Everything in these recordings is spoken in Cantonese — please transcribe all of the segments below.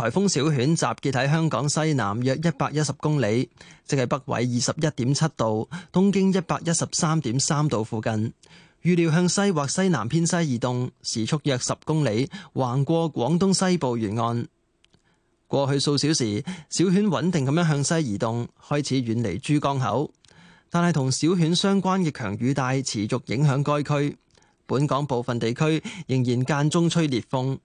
颱風小犬集結喺香港西南約一百一十公里，即係北緯二十一點七度、東經一百一十三點三度附近。預料向西或西南偏西移動，時速約十公里，橫過廣東西部沿岸。過去數小時，小犬穩定咁樣向西移動，開始遠離珠江口，但係同小犬相關嘅強雨帶持續影響該區，本港部分地區仍然間中吹烈風。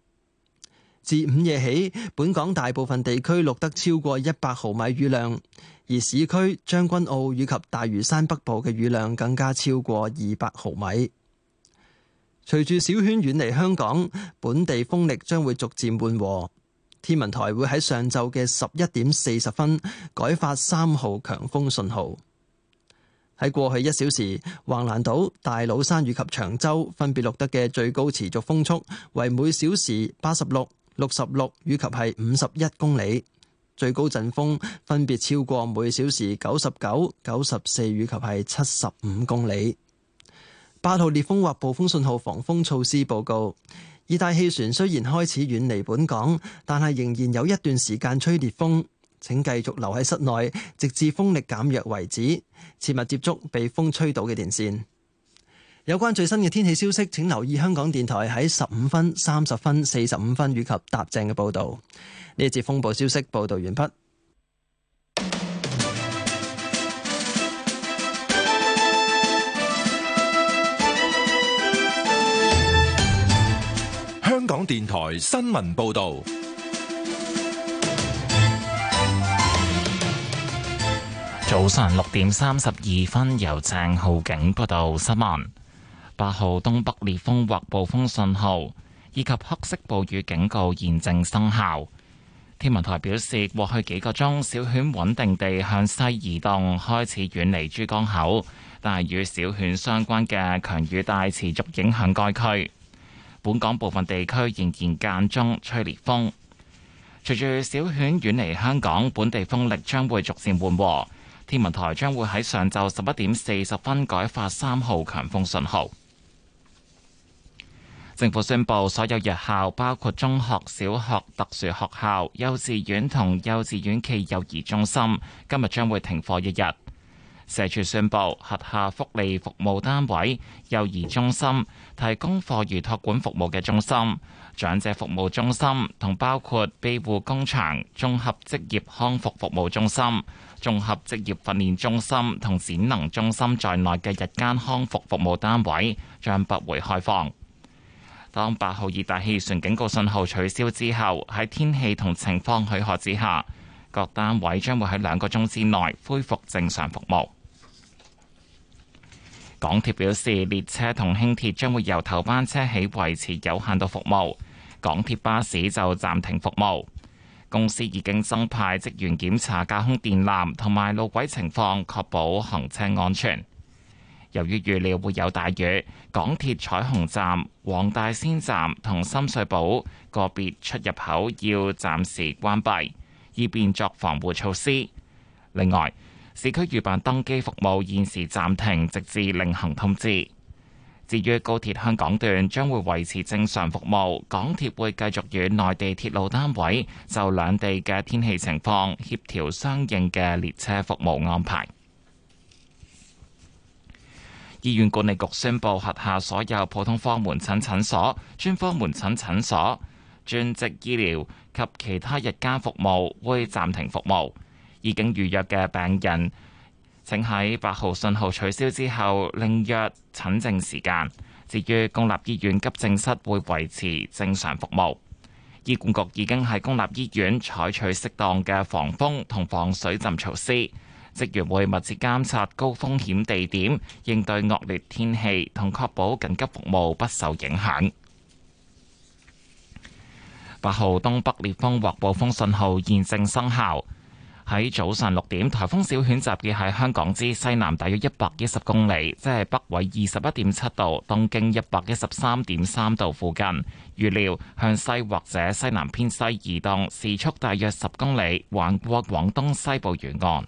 自午夜起，本港大部分地區錄得超過一百毫米雨量，而市區將軍澳以及大嶼山北部嘅雨量更加超過二百毫米。隨住小圈遠離香港，本地風力將會逐漸緩和。天文台會喺上晝嘅十一點四十分改發三號強風信號。喺過去一小時，橫瀾島、大老山以及長洲分別錄得嘅最高持續風速為每小時八十六。六十六，66，與及係五十一公里，最高陣風分別超過每小時九十九、九十四，與及係七十五公里。八號烈風或暴風信號防風措施報告。熱帶氣旋雖然開始遠離本港，但係仍然有一段時間吹烈風，請繼續留喺室內，直至風力減弱為止，切勿接觸被風吹倒嘅電線。有關最新嘅天氣消息，請留意香港電台喺十五分、三十分、四十五分以及踏正嘅報道。呢一節風暴消息報道完畢。香港電台新聞報道。早上六點三十二分，由鄭浩景報道新聞。八號東北烈風或暴風信號，以及黑色暴雨警告現正生效。天文台表示，過去幾個鐘，小犬穩定地向西移動，開始遠離珠江口，但係與小犬相關嘅強雨帶持續影響該區。本港部分地區仍然間中吹烈風。隨住小犬遠離香港，本地風力將會逐漸緩和。天文台將會喺上晝十一點四十分改發三號強風信號。政府宣布，所有日校，包括中學、小學、特殊學校、幼稚園同幼稚園期幼兒中心，今日將會停課一日。社署宣布，轄下福利服務單位、幼兒中心、提供課餘托管服務嘅中心、長者服務中心，同包括庇護工場、綜合職業康復服務中心、綜合職業訓練中心同展能中心在內嘅日間康復服務單位將不會開放。當八號熱帶氣旋警告信號取消之後，喺天氣同情況許可之下，各單位將會喺兩個鐘之內恢復正常服務。港鐵表示，列車同輕鐵將會由頭班車起維持有限度服務，港鐵巴士就暫停服務。公司已經增派職員檢查架空電纜同埋路軌情況，確保行車安全。由於預料會有大雨，港鐵彩虹站、黃大仙站同深水埗個別出入口要暫時關閉，以便作防護措施。另外，市區預辦登機服務現時暫停，直至另行通知。至於高鐵香港段將會維持正常服務，港鐵會繼續與內地鐵路單位就兩地嘅天氣情況協調相應嘅列車服務安排。醫院管理局宣佈，轄下所有普通科門診診所、專科門診診所、專職醫療及其他日間服務會暫停服務。已經預約嘅病人，請喺八號信號取消之後，另約診症時間。至於公立醫院急症室會維持正常服務。醫管局已經喺公立醫院採取適當嘅防風同防水浸措施。職員會密切監察高風險地點，應對惡劣天氣，同確保緊急服務不受影響。八號東北烈風或暴風信號現正生效。喺早上六點，颱風小犬集結喺香港之西南，大約一百一十公里，即係北緯二十一點七度，東經一百一十三點三度附近。預料向西或者西南偏西移動，時速大約十公里，橫過廣東西部沿岸。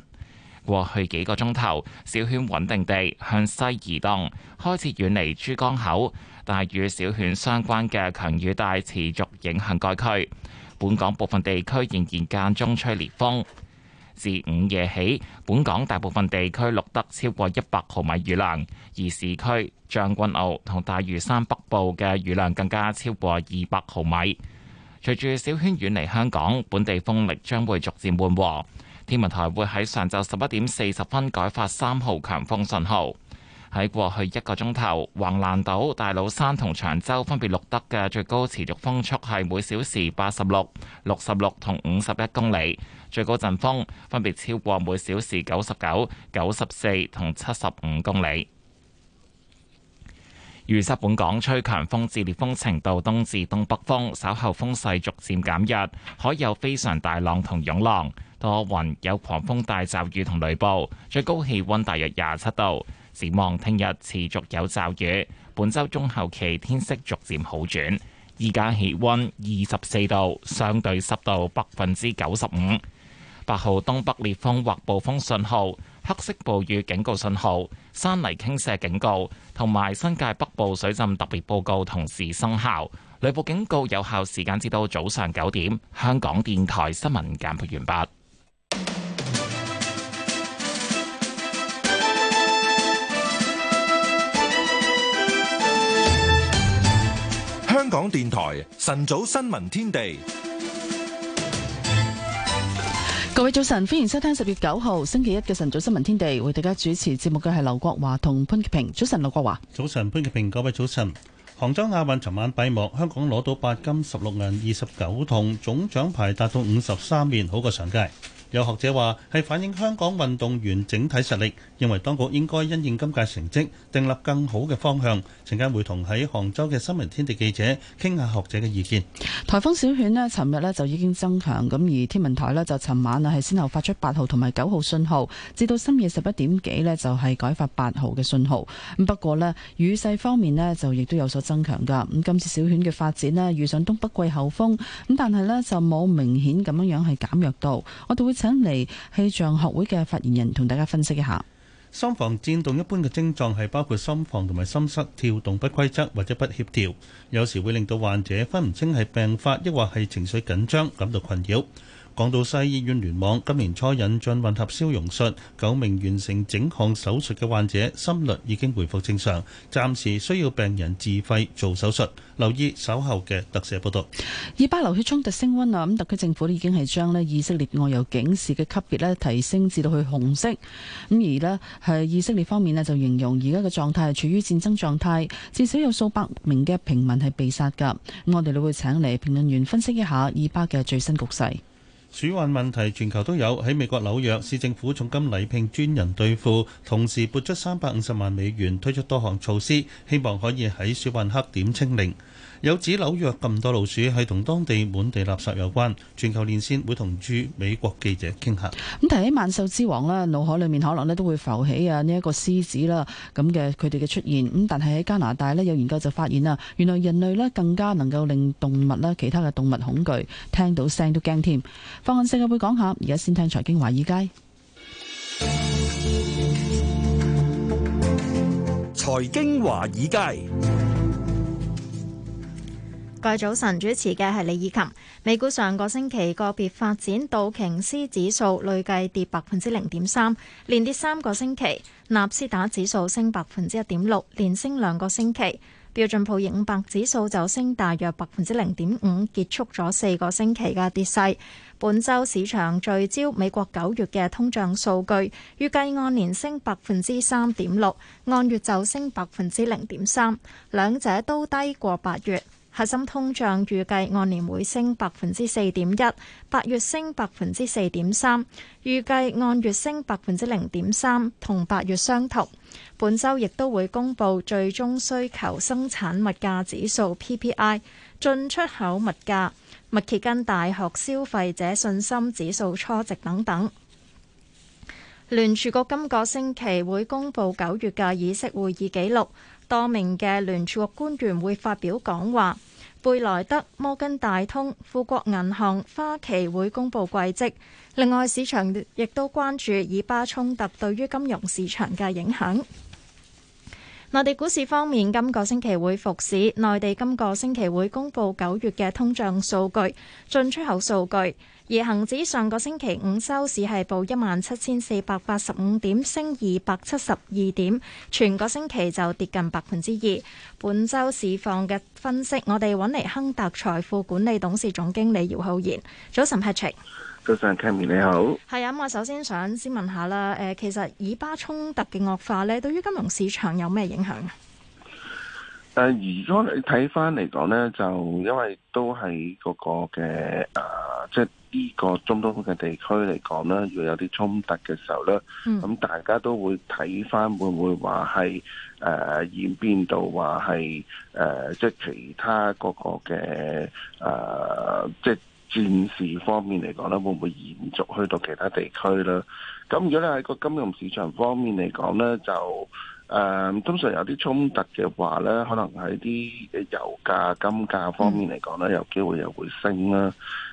過去幾個鐘頭，小犬穩定地向西移動，開始遠離珠江口。但與小犬相關嘅強雨帶持續影響該區。本港部分地區仍然間中吹烈風。自午夜起，本港大部分地區錄得超過一百毫米雨量，而市區、將軍澳同大嶼山北部嘅雨量更加超過二百毫米。隨住小犬遠離香港，本地風力將會逐漸緩和。天文台會喺上晝十一點四十分改發三號強風信號。喺過去一個鐘頭，橫瀾島、大老山同長洲分別錄得嘅最高持續風速係每小時八十六、六十六同五十一公里，最高陣風分別超過每小時九十九、九十四同七十五公里。預測本港吹強風至烈風程度，東至東北風，稍後風勢逐漸減弱，海有非常大浪同湧浪，多雲，有狂風大驟雨同雷暴，最高氣溫大約廿七度。展望聽日持續有驟雨，本周中後期天色逐漸好轉。依家氣溫二十四度，相對濕度百分之九十五，八號東北烈風或暴風信號。黑色暴雨警告信號、山泥傾瀉警告同埋新界北部水浸特別報告同時生效。雷暴警告有效時間至到早上九點。香港電台新聞簡報完畢。香港電台晨早新聞天地。各位早晨，歡迎收聽十月九號星期一嘅晨早新聞天地，為大家主持節目嘅係劉國華同潘潔平。早晨，劉國華。早晨，潘潔平。各位早晨。杭州亞運尋晚閉幕，香港攞到八金十六銀二十九銅，總獎牌達到五十三面，好過上屆。有學者話係反映香港運動員整體實力，認為當局應該因應今屆成績，訂立更好嘅方向。陣間會同喺杭州嘅新聞天地記者傾下學者嘅意見。颱風小犬呢，尋日呢就已經增強，咁而天文台呢，就尋晚啊係先後發出八號同埋九號信號，至到深夜十一點幾呢，就係改發八號嘅信號。咁不過呢，雨勢方面呢，就亦都有所增強㗎。咁今次小犬嘅發展呢，遇上東北季候風，咁但係呢，就冇明顯咁樣樣係減弱到。我哋會請嚟氣象學會嘅發言人同大家分析一下。心房顫動一般嘅症狀係包括心房同埋心室跳動不規則或者不協調，有時會令到患者分唔清係病發，抑或係情緒緊張感到困擾。港島西醫院聯網今年初引進混合消融術，九名完成整項手術嘅患者心率已經回復正常，暫時需要病人自費做手術。留意稍後嘅特寫報道。以巴流血衝突升溫啦，特區政府已經係將咧以色列外遊警示嘅級別咧提升至到去紅色咁，而呢，係以色列方面咧就形容而家嘅狀態係處於戰爭狀態，至少有數百名嘅平民係被殺噶。咁我哋都會請嚟評論員分析一下以巴嘅最新局勢。鼠患問題全球都有，喺美國紐約市政府重金禮聘專人對付，同時撥出三百五十萬美元推出多項措施，希望可以喺鼠患黑點清零。有指紐約咁多老鼠係同當地滿地垃圾有關，全球連線會同駐美國記者傾下。咁提起萬獸之王啦，腦海裏面可能呢都會浮起啊呢一個獅子啦，咁嘅佢哋嘅出現。咁但係喺加拿大呢有研究就發現啦，原來人類呢更加能夠令動物啦，其他嘅動物恐懼，聽到聲都驚添。放眼世界會講下，而家先聽財經華爾街。財經華爾街。再早晨主持嘅係李以琴。美股上個星期個別發展，道瓊斯指數累計跌百分之零點三，連跌三個星期；納斯達指數升百分之一點六，連升兩個星期。標準普爾五百指數就升大約百分之零點五，結束咗四個星期嘅跌勢。本周市場聚焦美國九月嘅通脹數據，預計按年升百分之三點六，按月就升百分之零點三，兩者都低過八月。核心通脹預計按年會升百分之四點一，八月升百分之四點三，預計按月升百分之零點三，同八月相同。本周亦都會公布最終需求生產物價指數 （PPI）、進出口物價、密歇根大學消費者信心指數初值等等。聯儲局今個星期會公布九月嘅議息會議記錄，多名嘅聯儲局官員會發表講話。貝萊德、摩根大通、富國銀行、花旗會公佈季績，另外，市場亦都關注以巴衝突對於金融市場嘅影響。內地股市方面，今個星期會復市。內地今個星期會公布九月嘅通脹數據、進出口數據。而恒指上個星期五收市係報一萬七千四百八十五點，升二百七十二點，全個星期就跌近百分之二。本周市況嘅分析，我哋揾嚟亨達財富管理董事總經理姚浩然。早晨，Patrick。早晨，Tammy 你好。係啊，咁我首先想先問下啦，誒、呃，其實以巴衝突嘅惡化咧，對於金融市場有咩影響？誒、呃，如果你睇翻嚟講咧，就因為都係嗰個嘅誒、呃，即係呢個中東嘅地區嚟講啦，如果有啲衝突嘅時候咧，咁、嗯嗯、大家都會睇翻會唔會話係誒演變到話係誒，即係其他嗰個嘅誒、呃，即係。戰事方面嚟講咧，會唔會延續去到其他地區咧？咁如果咧喺個金融市場方面嚟講咧，就誒、呃、通常有啲衝突嘅話咧，可能喺啲嘅油價、金價方面嚟講咧，有機會又會升啦。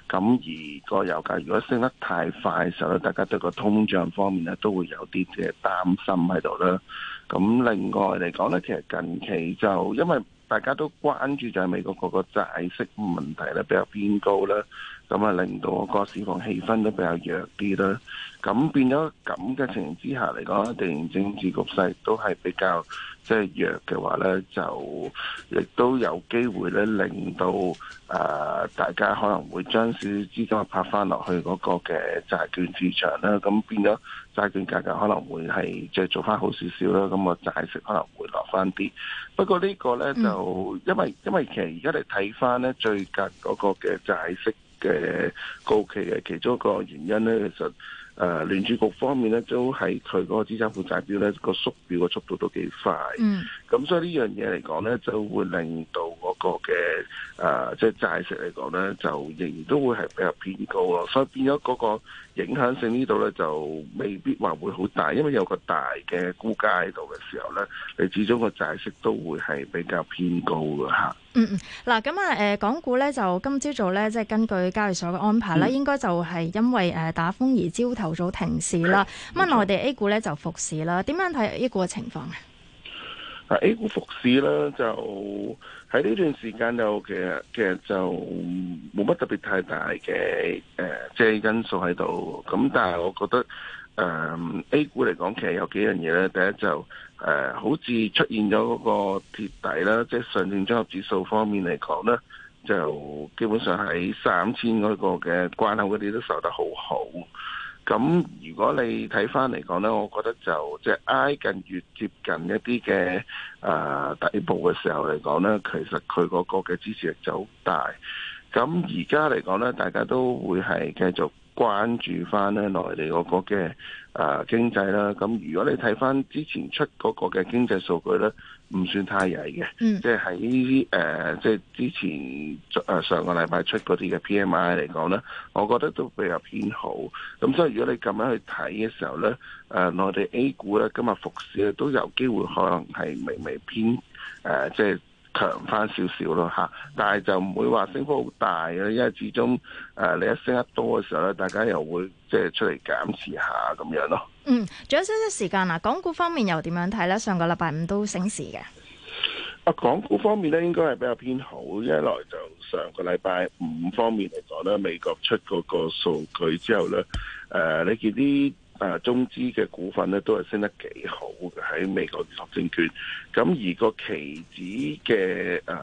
咁、嗯、而個油價如果升得太快嘅時候咧，大家對個通脹方面咧都會有啲嘅擔心喺度啦。咁另外嚟講咧，其實近期就因為大家都關注就係美國嗰個債息問題咧，比較偏高啦。咁啊，令到個市況氣氛都比較弱啲啦。咁變咗咁嘅情形之下嚟講，地緣政治局勢都係比較即係弱嘅話咧，就亦都有機會咧，令到誒、呃、大家可能會將少少資金拍拋翻落去嗰個嘅債券市場啦。咁變咗債券價格可能會係即係做翻好少少啦。咁、嗰個債息可能會落翻啲。不過個呢個咧就因為因為其實而家你睇翻咧最近嗰個嘅債息。嘅高企嘅，其中一個原因咧，其實誒、呃、聯儲局方面咧，都喺佢嗰個資產負債表咧個縮表嘅速度都幾快，咁、嗯、所以呢樣嘢嚟講咧，就會令到嗰個嘅誒即係債息嚟講咧，就仍然都會係比較偏高咯。所以變咗嗰個影響性呢度咧，就未必話會好大，因為有個大嘅估價喺度嘅時候咧，你始終個債息都會係比較偏高㗎吓。嗯嗯，嗱咁啊，誒、呃，港股咧就今朝早咧，即係根據交易所嘅安排啦，嗯、應該就係因為誒打風而朝頭早停市啦。咁、嗯、啊，內地 A 股咧就復市啦。點樣睇 A 股嘅情況啊？啊，A 股復市咧，就喺呢段時間就其實其實就冇乜特別太大嘅誒，即係因素喺度。咁但係我覺得誒、呃，A 股嚟講其實有幾樣嘢咧，第一就。誒、呃，好似出現咗嗰個鐵底啦，即係上證綜合指數方面嚟講咧，就基本上喺三千嗰個嘅關口嗰啲都受得好好。咁如果你睇翻嚟講咧，我覺得就即係挨近越接近一啲嘅誒底部嘅時候嚟講咧，其實佢嗰個嘅支持力就好大。咁而家嚟講咧，大家都會係繼續關注翻咧內地嗰個嘅。啊，經濟啦，咁如果你睇翻之前出嗰個嘅經濟數據咧，唔算太曳嘅，即係喺誒，即係、呃即係、之前誒、呃、上個禮拜出嗰啲嘅 PMI 嚟講咧，我覺得都比較偏好。咁所以如果你咁樣去睇嘅時候咧，誒、呃、內地 A 股咧，今日復市咧都有機會可能係微微偏誒，即、呃、係。即係強翻少少咯吓，但係就唔會話升幅好大嘅，因為始終誒、呃、你一升得多嘅時候咧，大家又會即係、呃、出嚟減持下咁樣咯。嗯，仲有少少時間啊，港股方面又點樣睇咧？上個禮拜五都升市嘅。啊，港股方面咧，應該係比較偏好，一來就上個禮拜五方面嚟講咧，美國出嗰個數據之後咧，誒、呃，你見啲。誒，中資嘅股份咧，都係升得幾好嘅，喺美國預託證券。咁而那個期指嘅，誒、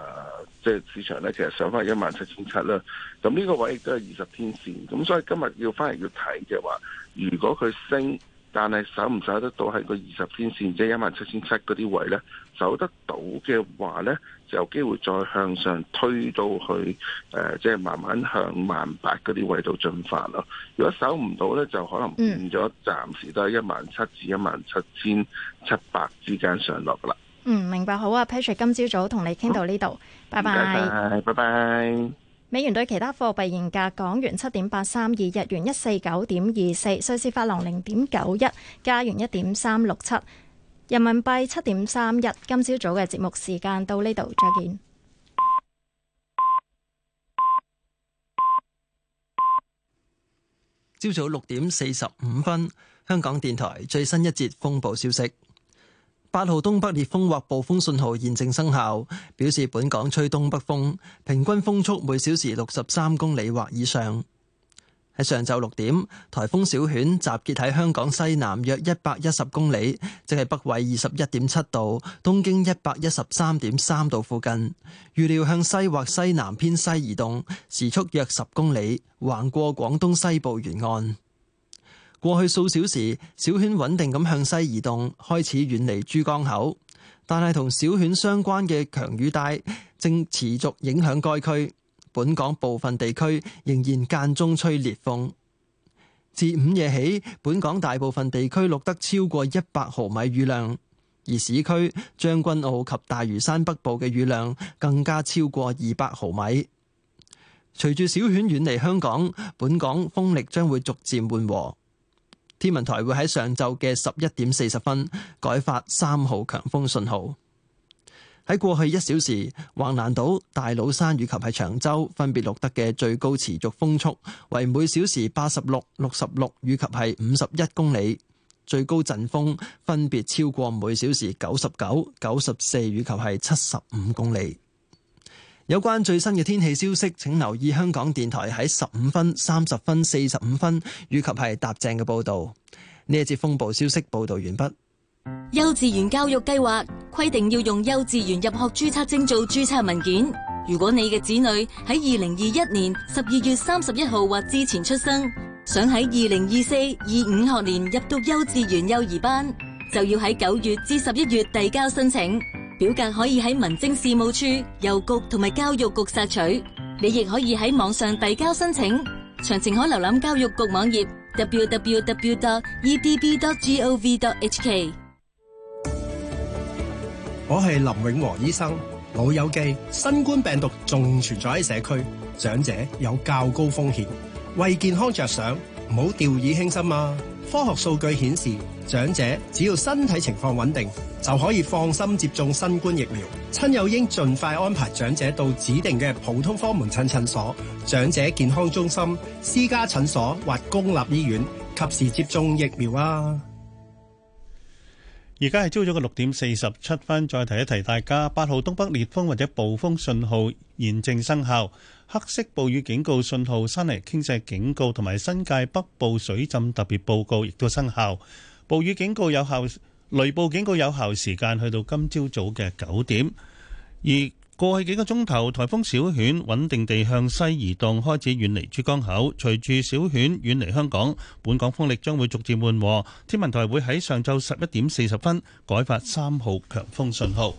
即係市場咧，其實上翻係一萬七千七啦，咁呢個位亦都係二十天線，咁所以今日要翻嚟要睇嘅話，如果佢升。但係守唔守得到喺個二十天線，即係一萬七千七嗰啲位呢？守得到嘅話呢，就有機會再向上推到去誒，即係慢慢向萬八嗰啲位度進發咯。如果守唔到呢，就可能變咗暫時都係一萬七至一萬七千七百之間上落噶啦。嗯，明白好啊，Patrick，今朝早同你傾到呢度，bye bye 拜拜，拜拜。美元兌其他貨幣現價：港元七點八三二，日元一四九點二四，瑞士法郎零點九一，加元一點三六七，人民幣七點三一。今朝早嘅節目時間到呢度，再見。朝早六點四十五分，香港電台最新一節風暴消息。八號東北烈風或暴風信號現正生效，表示本港吹東北風，平均風速每小時六十三公里或以上。喺上晝六點，颱風小犬集結喺香港西南約一百一十公里，即係北緯二十一點七度，東經一百一十三點三度附近。預料向西或西南偏西移動，時速約十公里，橫過廣東西部沿岸。過去數小時，小犬穩定咁向西移動，開始遠離珠江口。但係同小犬相關嘅強雨帶正持續影響該區，本港部分地區仍然間中吹烈風。自午夜起，本港大部分地區錄得超過一百毫米雨量，而市區將軍澳及大嶼山北部嘅雨量更加超過二百毫米。隨住小犬遠離香港，本港風力將會逐漸緩和。天文台會喺上晝嘅十一點四十分改發三號強風信號。喺過去一小時，橫瀾島、大老山以及係長洲分別錄得嘅最高持續風速為每小時八十六、六十六以及係五十一公里，最高陣風分別超過每小時九十九、九十四以及係七十五公里。有關最新嘅天氣消息，請留意香港電台喺十五分、三十分、四十五分以及係搭正嘅報道。呢一節風暴消息報道完畢。幼稚園教育計劃規定要用幼稚園入學注冊證做注冊文件。如果你嘅子女喺二零二一年十二月三十一號或之前出生，想喺二零二四、二五學年入讀幼稚園幼兒班，就要喺九月至十一月遞交申請。表格可以喺民政事務處、郵局同埋教育局索取，你亦可以喺網上遞交申請。詳情可瀏覽教育局網頁 www.edb.gov.hk。我係林永和醫生，老友記，新冠病毒仲存在喺社區，長者有較高風險，為健康着想，唔好掉以輕心啊！科學數據顯示，長者只要身體情況穩定，就可以放心接種新冠疫苗。親友應盡快安排長者到指定嘅普通科門診診所、長者健康中心、私家診所或公立醫院，及時接種疫苗啊。而家係朝早嘅六點四十七分，再提一提大家，八號東北烈風或者暴風信號現正生效。黑色暴雨警告信號山泥傾瀉警告同埋新界北部水浸特別報告亦都生效。暴雨警告有效，雷暴警告有效時間去到今朝早嘅九點。而過去幾個鐘頭，台風小犬穩定地向西移動開始遠離珠江口。隨住小犬遠離香港，本港風力將會逐漸緩和。天文台會喺上晝十一點四十分改發三號強風信號。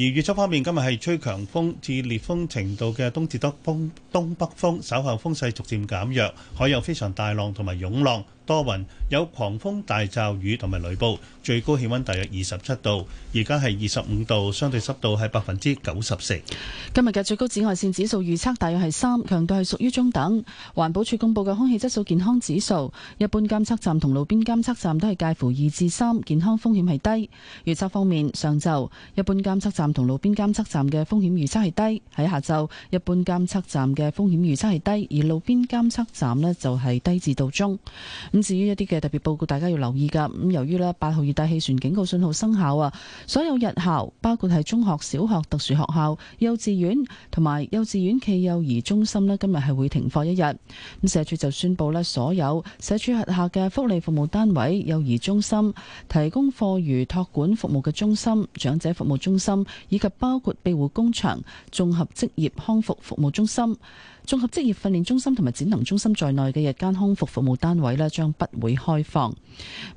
而預測方面，今日係吹強風至烈風程度嘅東至風東北風，稍後風勢逐漸減弱，海有非常大浪同埋湧浪。多雲，有狂風，大驟雨同埋雷暴，最高氣溫大約二十七度，而家係二十五度，相對濕度係百分之九十四。今日嘅最高紫外線指數預測大約係三，強度係屬於中等。環保署公布嘅空氣質素健康指數，一般監測站同路邊監測站都係介乎二至三，健康風險係低。預測方面，上晝一般監測站同路邊監測站嘅風險預測係低，喺下晝一般監測站嘅風險預測係低，而路邊監測站呢就係低至到中。至於一啲嘅特別報告，大家要留意噶。咁由於咧八號熱帶氣旋警告信號生效啊，所有日校包括係中學、小學、特殊學校、幼稚園同埋幼稚園暨幼兒中心咧，今日係會停課一日。咁社署就宣布咧，所有社署轄下嘅福利服務單位、幼兒中心提供課餘託管服務嘅中心、長者服務中心以及包括庇護工場、綜合職業康復服務中心。綜合職業訓練中心同埋展能中心在內嘅日間康復服務單位咧，將不會開放。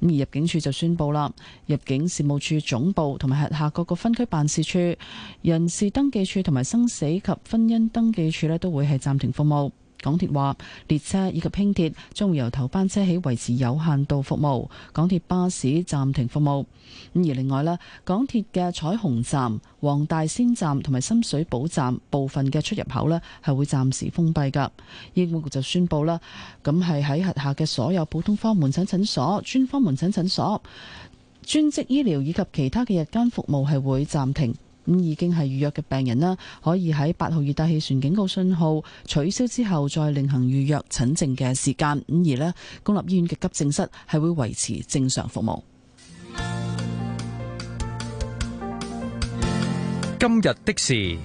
咁而入境處就宣布啦，入境事務處總部同埋轄下各個分區辦事處、人事登記處同埋生死及婚姻登記處咧，都會係暫停服務。港鐵話列車以及輕鐵將會由頭班車起維持有限度服務，港鐵巴士暫停服務。咁而另外呢，港鐵嘅彩虹站、黃大仙站同埋深水埗站部分嘅出入口呢，係會暫時封閉㗎。醫務局就宣布啦，咁係喺轄下嘅所有普通科門診診所、專科門診診所、專職醫療以及其他嘅日間服務係會暫停。咁已經係預約嘅病人啦，可以喺八號熱帶氣旋警告信號取消之後再另行預約診症嘅時間。咁而咧，公立醫院嘅急症室係會維持正常服務。今日的事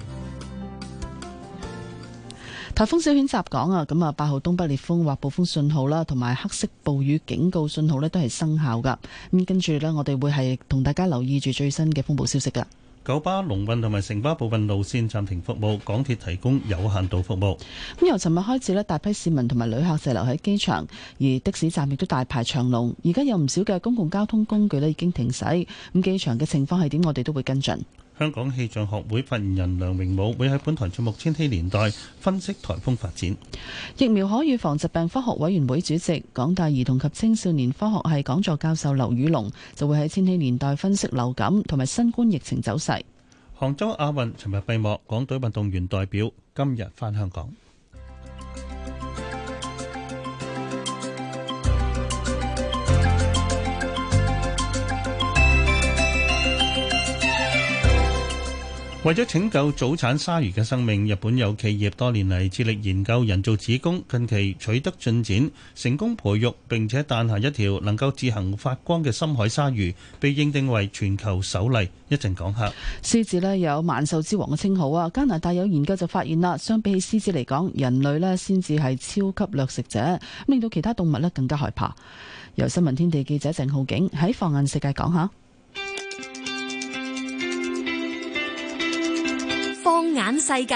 颱風小犬集講啊，咁啊八號東北烈風或暴風信號啦，同埋黑色暴雨警告信號呢，都係生效噶。咁跟住呢，我哋會係同大家留意住最新嘅風暴消息噶。九巴、龍運同埋城巴部分路線暫停服務，港鐵提供有限度服務。咁由尋日開始呢，大批市民同埋旅客滯留喺機場，而的士站亦都大排長龍。而家有唔少嘅公共交通工具呢，已經停駛。咁機場嘅情況係點，我哋都會跟進。香港氣象學會發言人梁榮武會喺本台節目《千禧年代》分析颱風發展。疫苗可預防疾病科學委員會主席、港大兒童及青少年科學系講座教授劉宇龍就會喺《千禧年代》分析流感同埋新冠疫情走勢，杭州亞運尋日閉幕，港隊運動員代表今日返香港。為咗拯救早產鯊魚嘅生命，日本有企業多年嚟致力研究人造子宮，近期取得進展，成功培育並且誕下一條能夠自行發光嘅深海鯊魚，被認定為全球首例。講一陣講下，獅子呢有萬獸之王嘅稱號啊！加拿大有研究就發現啦，相比起獅子嚟講，人類呢先至係超級掠食者，令到其他動物呢更加害怕。由新聞天地記者鄭浩景喺放眼世界講下。眼世界，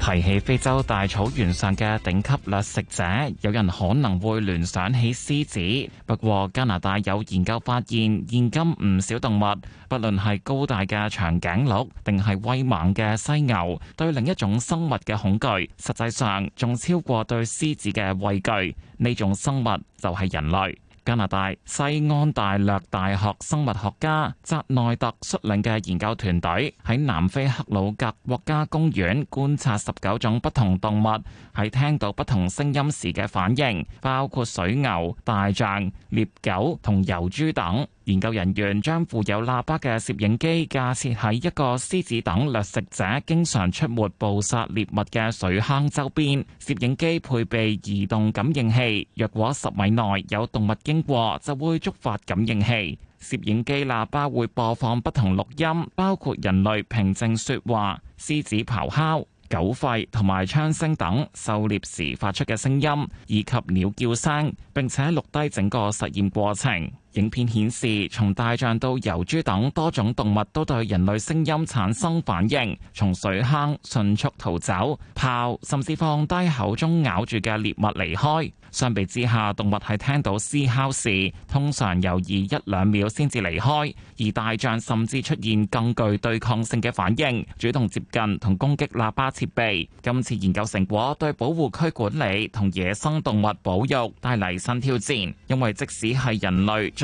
提起非洲大草原上嘅頂級掠食者，有人可能會聯想起獅子。不過加拿大有研究發現，現今唔少動物，不論係高大嘅長頸鹿，定係威猛嘅犀牛，對另一種生物嘅恐懼，實際上仲超過對獅子嘅畏懼。呢種生物就係人類。加拿大西安大略大學生物學家扎內特率領嘅研究團隊喺南非克魯格國家公園觀察十九種不同動物喺聽到不同聲音時嘅反應，包括水牛、大象、獵狗同疣豬等。研究人員將附有喇叭嘅攝影機架設喺一個獅子等掠食者經常出沒捕殺獵物嘅水坑周邊。攝影機配備移動感應器，若果十米內有動物經過，就會觸發感應器。攝影機喇叭會播放不同錄音，包括人類平靜說話、獅子咆哮、狗吠同埋槍聲等狩獵時發出嘅聲音，以及鳥叫聲，並且錄低整個實驗過程。影片顯示，從大象到疣豬等多種動物都對人類聲音產生反應，從水坑迅速逃走、跑，甚至放低口中咬住嘅獵物離開。相比之下，動物係聽到獅吼時，通常猶豫一兩秒先至離開，而大象甚至出現更具對抗性嘅反應，主動接近同攻擊喇叭設備。今次研究成果對保護區管理同野生動物保育帶嚟新挑戰，因為即使係人類。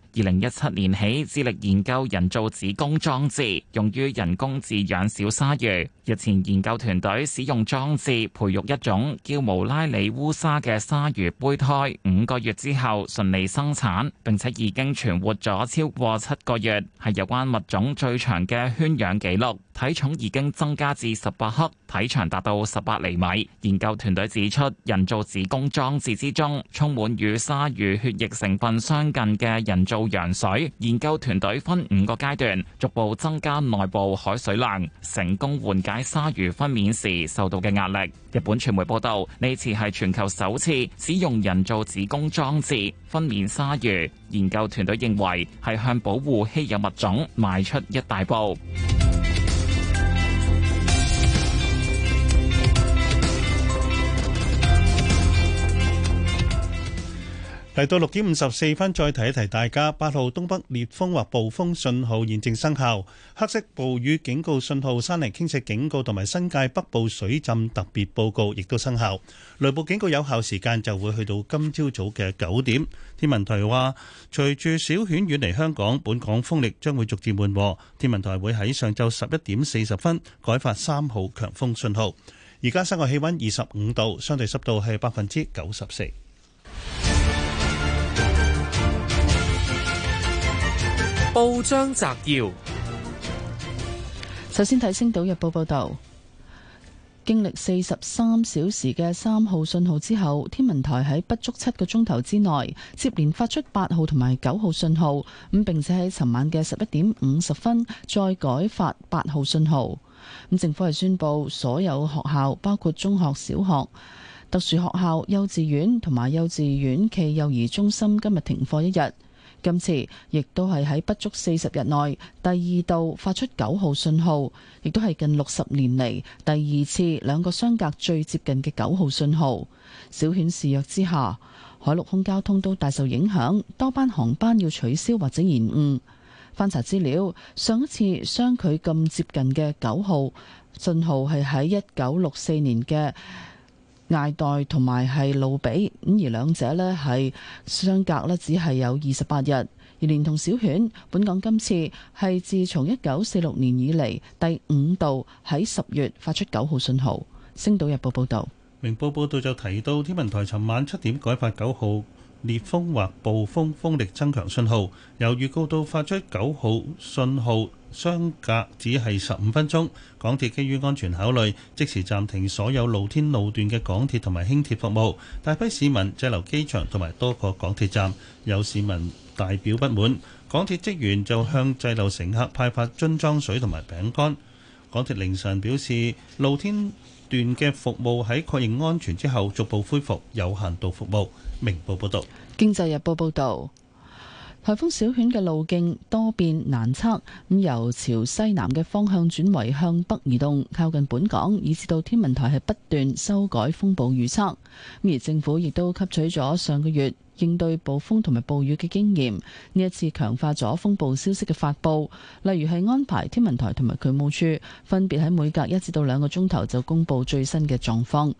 二零一七年起，致力研究人造子宮裝置，用於人工飼養小鯊魚。日前，研究團隊使用裝置培育一種叫毛拉里烏沙嘅鯊魚胚胎，五個月之後順利生產，並且已經存活咗超過七個月，係有關物種最長嘅圈養紀錄。體重已經增加至十八克，體長達到十八厘米。研究團隊指出，人造子宮裝置之中充滿與鯊魚血液成分相近嘅人造羊水。研究團隊分五個階段，逐步增加內部海水量，成功緩解鯊魚分娩時受到嘅壓力。日本傳媒報道，呢次係全球首次使用人造子宮裝置分娩鯊魚。研究團隊認為，係向保護稀有物種邁出一大步。嚟到六點五十四分，再提一提大家，八號東北烈風或暴風信號現正生效，黑色暴雨警告信號、山泥傾瀉警告同埋新界北部水浸特別報告亦都生效。雷暴警告有效時間就會去到今朝早嘅九點。天文台話，隨住小犬遠離香港，本港風力將會逐漸緩和。天文台會喺上晝十一點四十分改發三號強風信號。而家室外氣温二十五度，相對濕度係百分之九十四。報章摘要：首先睇《星島日報》報道，經歷四十三小時嘅三號信號之後，天文台喺不足七個鐘頭之內接連發出八號同埋九號信號，咁並且喺尋晚嘅十一點五十分再改發八號信號。咁政府係宣布，所有學校包括中學、小學、特殊學校、幼稚園同埋幼稚園暨幼兒中心今日停課一日。今次亦都係喺不足四十日內第二度發出九號信號，亦都係近六十年嚟第二次兩個相隔最接近嘅九號信號。小犬示弱之下，海陸空交通都大受影響，多班航班要取消或者延誤。翻查資料，上一次相距咁接近嘅九號信號係喺一九六四年嘅，艾代同埋係路比，咁而兩者呢，係相隔呢只係有二十八日，而連同小犬，本港今次係自從一九四六年以嚟第五度喺十月發出九號信號。星島日報報道，明報報道就提到天文台尋晚七點改發九號。烈風或暴風風力增強信號由預告到發出九號信號，相隔只係十五分鐘。港鐵基於安全考慮，即時暫停所有露天路段嘅港鐵同埋輕鐵服務。大批市民滯留機場同埋多個港鐵站，有市民大表不滿。港鐵職員就向滯留乘客派發樽裝水同埋餅乾。港鐵凌晨表示，露天段嘅服務喺確認安全之後逐步恢復，有限度服務。明報報道，《經濟日報》報道，颱風小犬嘅路徑多變難測，咁由朝西南嘅方向轉為向北移動，靠近本港，以至到天文台係不斷修改風暴預測。而政府亦都吸取咗上個月應對暴風同埋暴雨嘅經驗，呢一次強化咗風暴消息嘅發佈，例如係安排天文台同埋渠務處分別喺每隔一至到兩個鐘頭就公佈最新嘅狀況。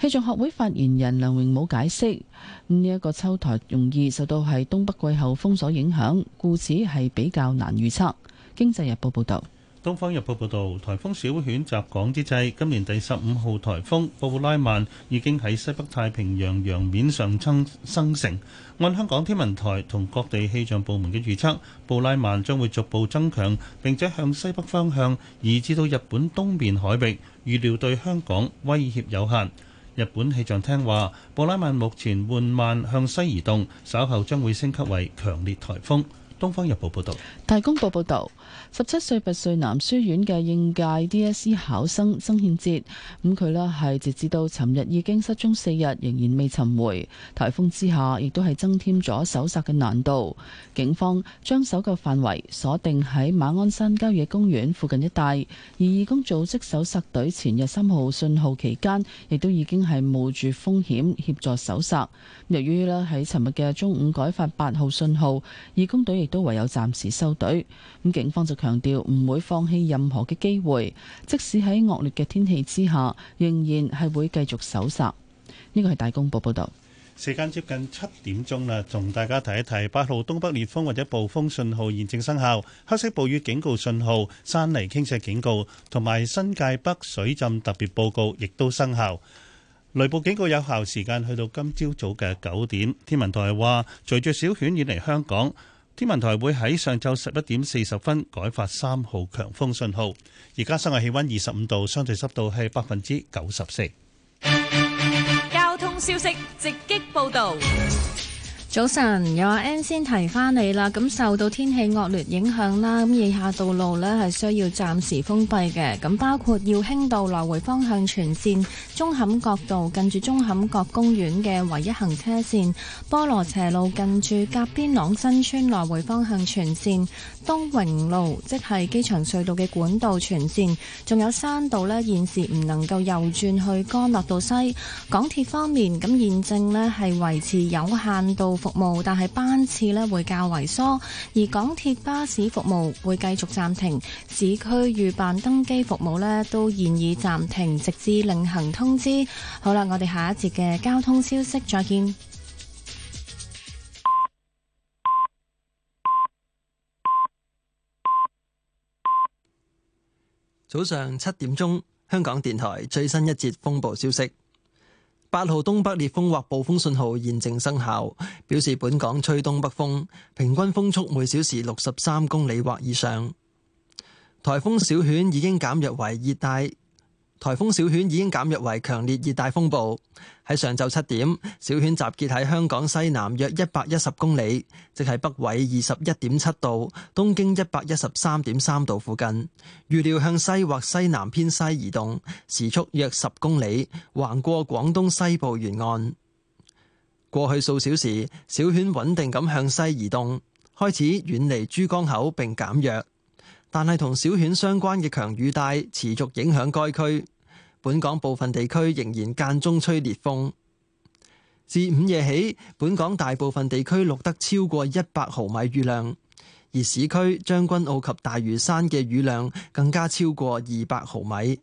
氣象學會發言人梁榮武解釋，呢、嗯、一、這個秋台容易受到係東北季候風所影響，故此係比較難預測。經濟日報報道東方日報報道台風小犬襲港之際，今年第十五號台風布拉曼已經喺西北太平洋洋面上增生成。按香港天文台同各地氣象部門嘅預測，布拉曼將會逐步增強，並且向西北方向移至到日本東面海域，預料對香港威脅有限。日本氣象廳話布拉萬目前緩慢向西移動，稍後將會升級為強烈颱風，東方日報報道，《大公報》報道。十七歲拔萃男書院嘅應屆 DSE 考生曾憲哲，咁佢呢係直至到尋日已經失蹤四日，仍然未尋回。台風之下，亦都係增添咗搜索嘅難度。警方將搜救範圍鎖定喺馬鞍山郊野公園附近一帶，而義工組織搜索隊前日三號信號期間，亦都已經係冒住風險協助搜索。由於呢喺尋日嘅中午改發八號信號，義工隊亦都唯有暫時收隊。咁警方就，強調唔會放棄任何嘅機會，即使喺惡劣嘅天氣之下，仍然係會繼續搜查。呢個係大公報報道。時間接近七點鐘啦，同大家提一提，八號東北烈風或者暴風信號現正生效，黑色暴雨警告信號、山泥傾瀉警告同埋新界北水浸特別報告亦都生效。雷暴警告有效時間去到今朝早嘅九點。天文台話，隨住小犬遠離香港，天文台會喺上晝十一點四十分改發三號強風信號。而家室外氣溫二十五度，相對濕度係百分之九十四。交通消息直擊報道。早晨，有阿 N 先提翻你啦。咁受到天氣惡劣影響啦，咁以下道路呢係需要暫時封閉嘅，咁包括耀興道來回方向全線、舂坎角道近住舂坎角公園嘅唯一行車線、菠蘿斜路近住甲邊朗新村來回方向全線、東榮路即係機場隧道嘅管道全線，仲有山道呢現時唔能夠右轉去干諾道西。港鐵方面咁現正呢係維持有限度服務，但係班次咧，會較為疏，而港鐵巴士服務會繼續暫停，市區預辦登機服務咧，都現已暫停，直至另行通知。好啦，我哋下一節嘅交通消息再見。早上七點鐘，香港電台最新一節風暴消息。八號東北烈風或暴風信號現正生效，表示本港吹東北風，平均風速每小時六十三公里或以上。颱風小犬已經減弱為熱帶。颱風小犬已經減弱為強烈熱帶風暴，喺上晝七點，小犬集結喺香港西南約一百一十公里，即係北緯二十一點七度、東經一百一十三點三度附近，預料向西或西南偏西移動，時速約十公里，橫過廣東西部沿岸。過去數小時，小犬穩定咁向西移動，開始遠離珠江口並減弱。但係同小犬相關嘅強雨帶持續影響該區，本港部分地區仍然間中吹烈風。自午夜起，本港大部分地區錄得超過一百毫米雨量，而市區將軍澳及大嶼山嘅雨量更加超過二百毫米。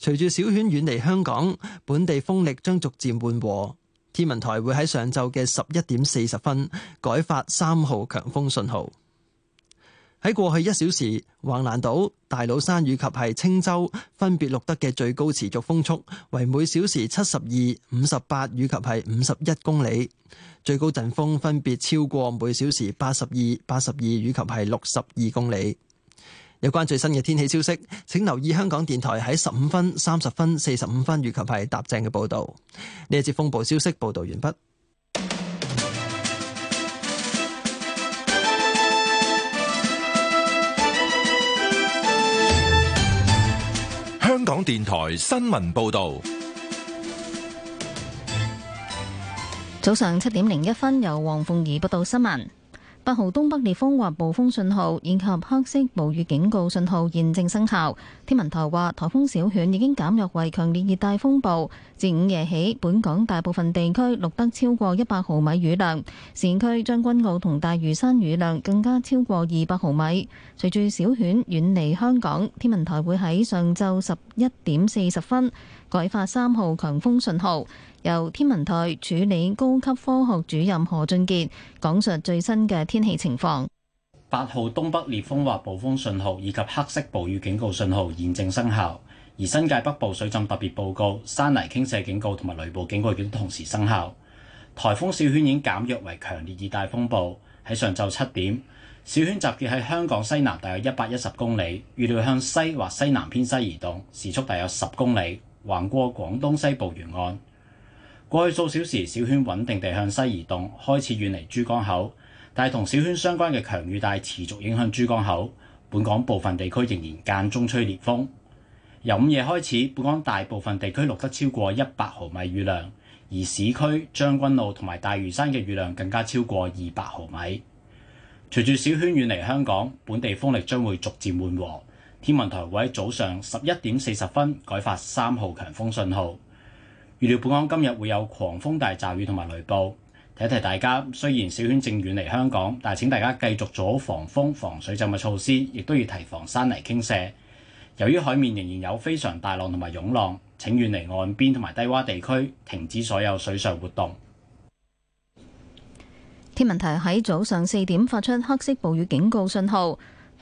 隨住小犬遠離香港，本地風力將逐漸緩和。天文台會喺上晝嘅十一點四十分改發三號強風信號。喺過去一小時，橫瀾島、大老山與及係青洲分別錄得嘅最高持續風速為每小時七十二、五十八與及係五十一公里，最高陣風分別超過每小時八十二、八十二與及係六十二公里。有關最新嘅天氣消息，請留意香港電台喺十五分、三十分、四十五分與及係踏正嘅報導。呢一節風暴消息報導完畢。香港電台新聞報道，早上七點零一分，由黃鳳儀報道新聞。八號東北烈風或暴風信號以及黑色暴雨警告信號現正生效。天文台話，颱風小犬已經減弱為強烈熱帶風暴。自午夜起，本港大部分地區錄得超過一百毫米雨量，市區將軍澳同大嶼山雨量更加超過二百毫米。隨住小犬遠離香港，天文台會喺上晝十一點四十分改發三號強風信號。由天文台處理高級科學主任何俊杰講述最新嘅天氣情況。八號東北烈風或暴風信號以及黑色暴雨警告信號現正生效，而新界北部水浸特別報告、山泥傾瀉警告同埋雷暴警告都同時生效。台風小圈已經減弱為強烈熱帶風暴。喺上晝七點，小圈集結喺香港西南大約一百一十公里，預料向西或西南偏西移動，時速大約十公里，橫過廣東西部沿岸。過去數小時，小圈穩定地向西移動，開始遠離珠江口，但係同小圈相關嘅強雨帶持續影響珠江口。本港部分地區仍然間中吹烈風。由午夜開始，本港大部分地區錄得超過一百毫米雨量，而市區將軍澳同埋大嶼山嘅雨量更加超過二百毫米。隨住小圈遠離香港，本地風力將會逐漸緩和。天文台會喺早上十一點四十分改發三號強風信號。預料本港今日會有狂風大驟雨同埋雷暴，提提大家。雖然小圈正遠離香港，但請大家繼續做好防風、防水浸嘅措施，亦都要提防山泥傾瀉。由於海面仍然有非常大浪同埋湧浪，請遠離岸邊同埋低洼地區，停止所有水上活動。天文台喺早上四點發出黑色暴雨警告信號。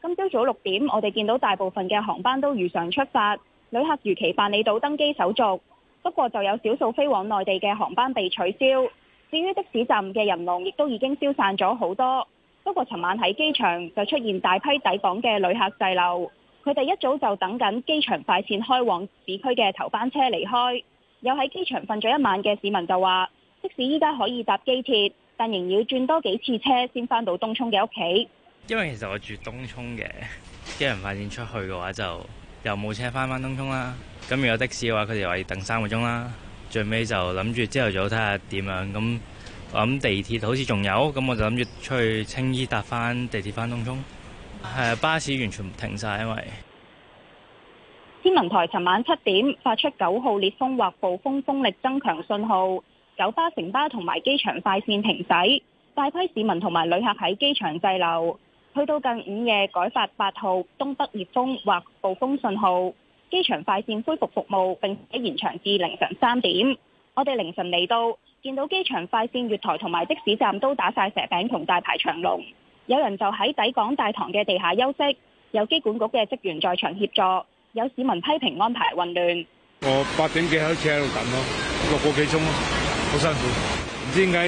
今朝早六點，我哋見到大部分嘅航班都如常出發，旅客如期辦理到登機手續。不過，就有少數飛往內地嘅航班被取消。至於的士站嘅人龍，亦都已經消散咗好多。不過，尋晚喺機場就出現大批抵港嘅旅客滯留，佢哋一早就等緊機場快線開往市區嘅頭班車離開。有喺機場瞓咗一晚嘅市民就話：即使依家可以搭機鐵，但仍要轉多幾次車先返到東涌嘅屋企。因為其實我住東涌嘅，啲人發現出去嘅話就又冇車翻返東涌啦。咁如果有的士嘅話，佢哋話要等三個鐘啦。最尾就諗住朝頭早睇下點樣。咁我諗地鐵好似仲有，咁我就諗住出去青衣搭翻地鐵翻東涌。係巴士完全停晒，因為天文台尋晚七點發出九號烈風或暴風風力增強信號，九巴、城巴同埋機場快線停駛，大批市民同埋旅客喺機場滯留。去到近午夜改發八號東北烈風或暴風信號，機場快線恢復服，服務，並且延長至凌晨三點。我哋凌晨嚟到，見到機場快線月台同埋的士站都打晒蛇餅同大排長龍，有人就喺抵港大堂嘅地下休息，有機管局嘅職員在場協助，有市民批評安排混亂。我八點幾開始喺度等咯，過好幾鐘咯，好辛苦，唔知點解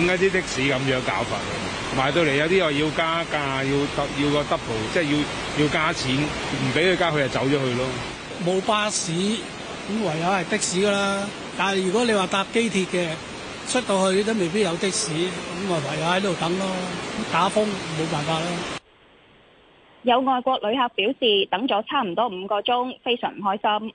點解啲的士咁樣搞法。買到嚟有啲話要加價，要得要個 double，即係要要加錢，唔俾佢加，佢就走咗去咯。冇巴士，咁唯有係的士㗎喇。但係如果你話搭機鐵嘅出到去都未必有的士，咁啊唯有喺度等咯。打風冇辦法啦。有外國旅客表示等咗差唔多五個鐘，非常唔開心。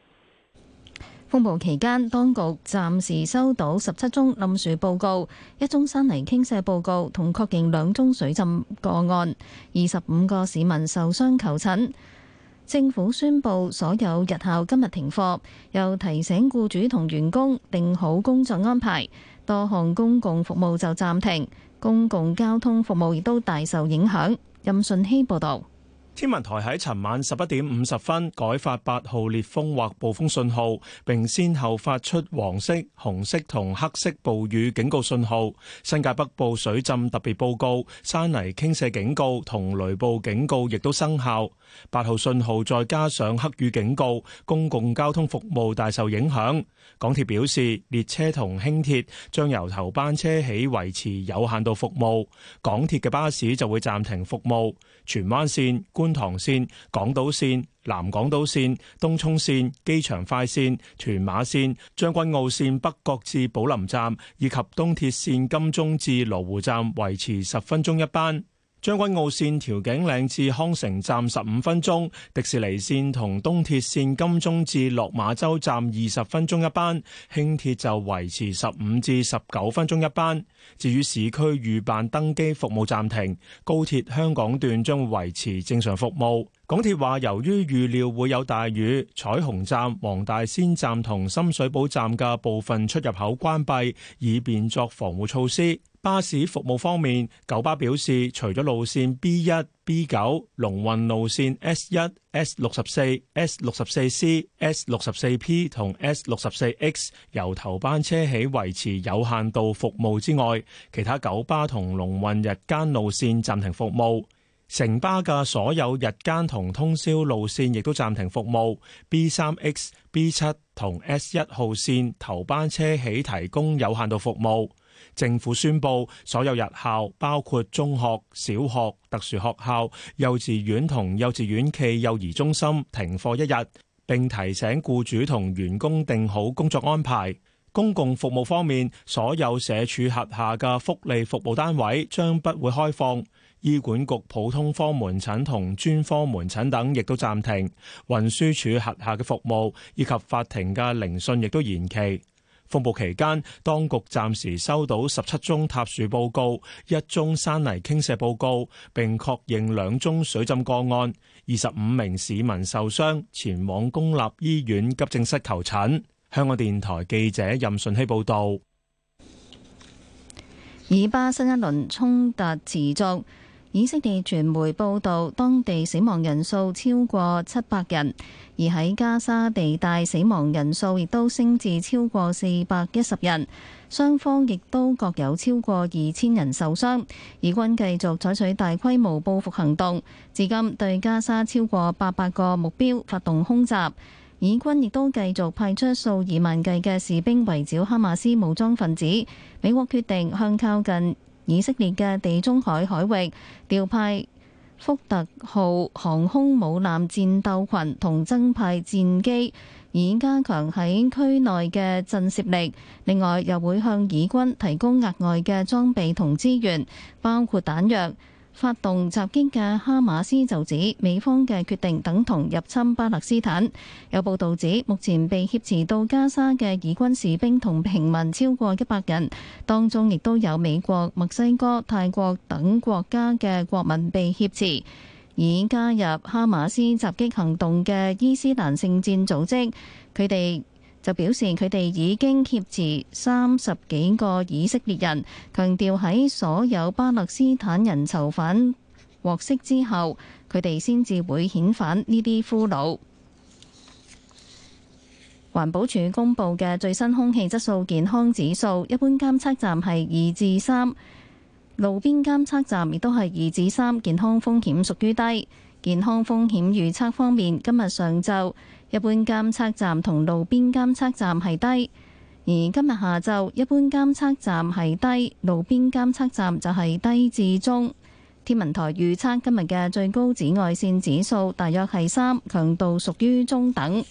風暴期間，當局暫時收到十七宗冧樹報告，一宗山泥傾瀉報告同確認兩宗水浸個案，二十五個市民受傷求診。政府宣布所有日校今日停課，又提醒雇主同員工定好工作安排。多項公共服務就暫停，公共交通服務亦都大受影響。任信希報導。天文台喺尋晚十一點五十分改發八號烈風或暴風信號，並先後發出黃色、紅色同黑色暴雨警告信號。新界北部水浸特別報告，山泥傾瀉警告同雷暴警告亦都生效。八號信號再加上黑雨警告，公共交通服務大受影響。港鐵表示，列車同輕鐵將由頭班車起維持有限度服務，港鐵嘅巴士就會暫停服務。荃灣綫、觀塘綫、港島綫、南港島綫、東涌綫、機場快綫、屯馬綫、將軍澳綫北角至寶林站，以及東鐵綫金鐘至羅湖站，維持十分鐘一班。將軍澳綫調景嶺至康城站十五分鐘，迪士尼綫同東鐵綫金鐘至落馬洲站二十分鐘一班，輕鐵就維持十五至十九分鐘一班。至於市區預辦登機服務暫停，高鐵香港段將維持正常服務。港鐵話，由於預料會有大雨，彩虹站、黃大仙站同深水埗站嘅部分出入口關閉，以便作防護措施。巴士服務方面，九巴表示，除咗路線 B 一、B 九、龍運路線 S 一、S 六十四、S 六十四 C、S 六十四 P 同 S 六十四 X 由頭班車起維持有限度服務之外，其他九巴同龍運日間路線暫停服務。城巴嘅所有日間同通宵路線亦都暫停服務，B3X、B7 同 S1 號線頭班車起提供有限度服務。政府宣布所有日校，包括中學、小學、特殊學校、幼稚園同幼稚園暨幼兒中心停課一日，並提醒雇主同員工定好工作安排。公共服務方面，所有社署轄下嘅福利服務單位將不會開放。醫管局普通科門診同專科門診等亦都暫停，運輸署轄下嘅服務以及法庭嘅聆訊亦都延期。風暴期間，當局暫時收到十七宗塌樹報告，一宗山泥傾瀉報告，並確認兩宗水浸個案，二十五名市民受傷，前往公立醫院急症室求診。香港電台記者任順希報道。以巴新一輪衝突持續。以色列傳媒報道，當地死亡人數超過七百人，而喺加沙地帶死亡人數亦都升至超過四百一十人。雙方亦都各有超過二千人受傷。以軍繼續採取大規模報復行動，至今對加沙超過八百個目標發動空襲。以軍亦都繼續派出數以萬計嘅士兵圍剿哈馬斯武裝分子。美國決定向靠近以色列嘅地中海海域調派福特號航空母艦戰鬥群同增派戰機，以加強喺區內嘅震懾力。另外，又會向以軍提供額外嘅裝備同資源，包括彈藥。發動襲擊嘅哈馬斯就指美方嘅決定等同入侵巴勒斯坦。有報導指，目前被挾持到加沙嘅以軍士兵同平民超過一百人，當中亦都有美國、墨西哥、泰國等國家嘅國民被挾持，以加入哈馬斯襲擊行動嘅伊斯蘭聖戰組織。佢哋，就表示佢哋已經劫持三十幾個以色列人，強調喺所有巴勒斯坦人囚犯獲釋之後，佢哋先至會遣返呢啲俘虜。環保署公布嘅最新空氣質素健康指數，一般監測站係二至三，路邊監測站亦都係二至三，健康風險屬於低。健康風險預測方面，今日上晝。一般監測站同路邊監測站係低，而今日下晝一般監測站係低，路邊監測站就係低至中。天文台預測今日嘅最高紫外線指數大約係三，強度屬於中等。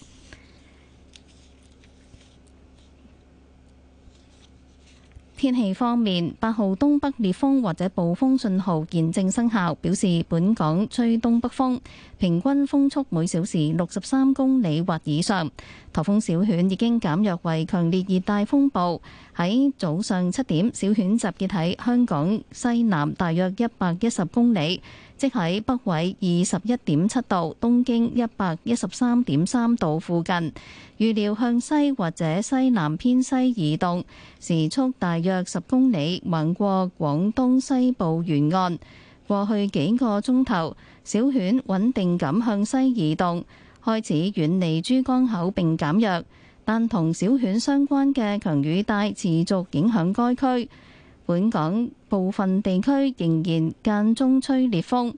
天氣方面，八號東北烈風或者暴風信號現正生效，表示本港吹東北風，平均風速每小時六十三公里或以上。颱風小犬已經減弱為強烈熱帶風暴。喺早上七點，小犬集結喺香港西南大約一百一十公里。即喺北緯二十一點七度，東經一百一十三點三度附近，預料向西或者西南偏西移動，時速大約十公里，橫過廣東西部沿岸。過去幾個鐘頭，小犬穩定咁向西移動，開始遠離珠江口並減弱，但同小犬相關嘅強雨帶持續影響該區。本港部分地區仍然間中吹烈風，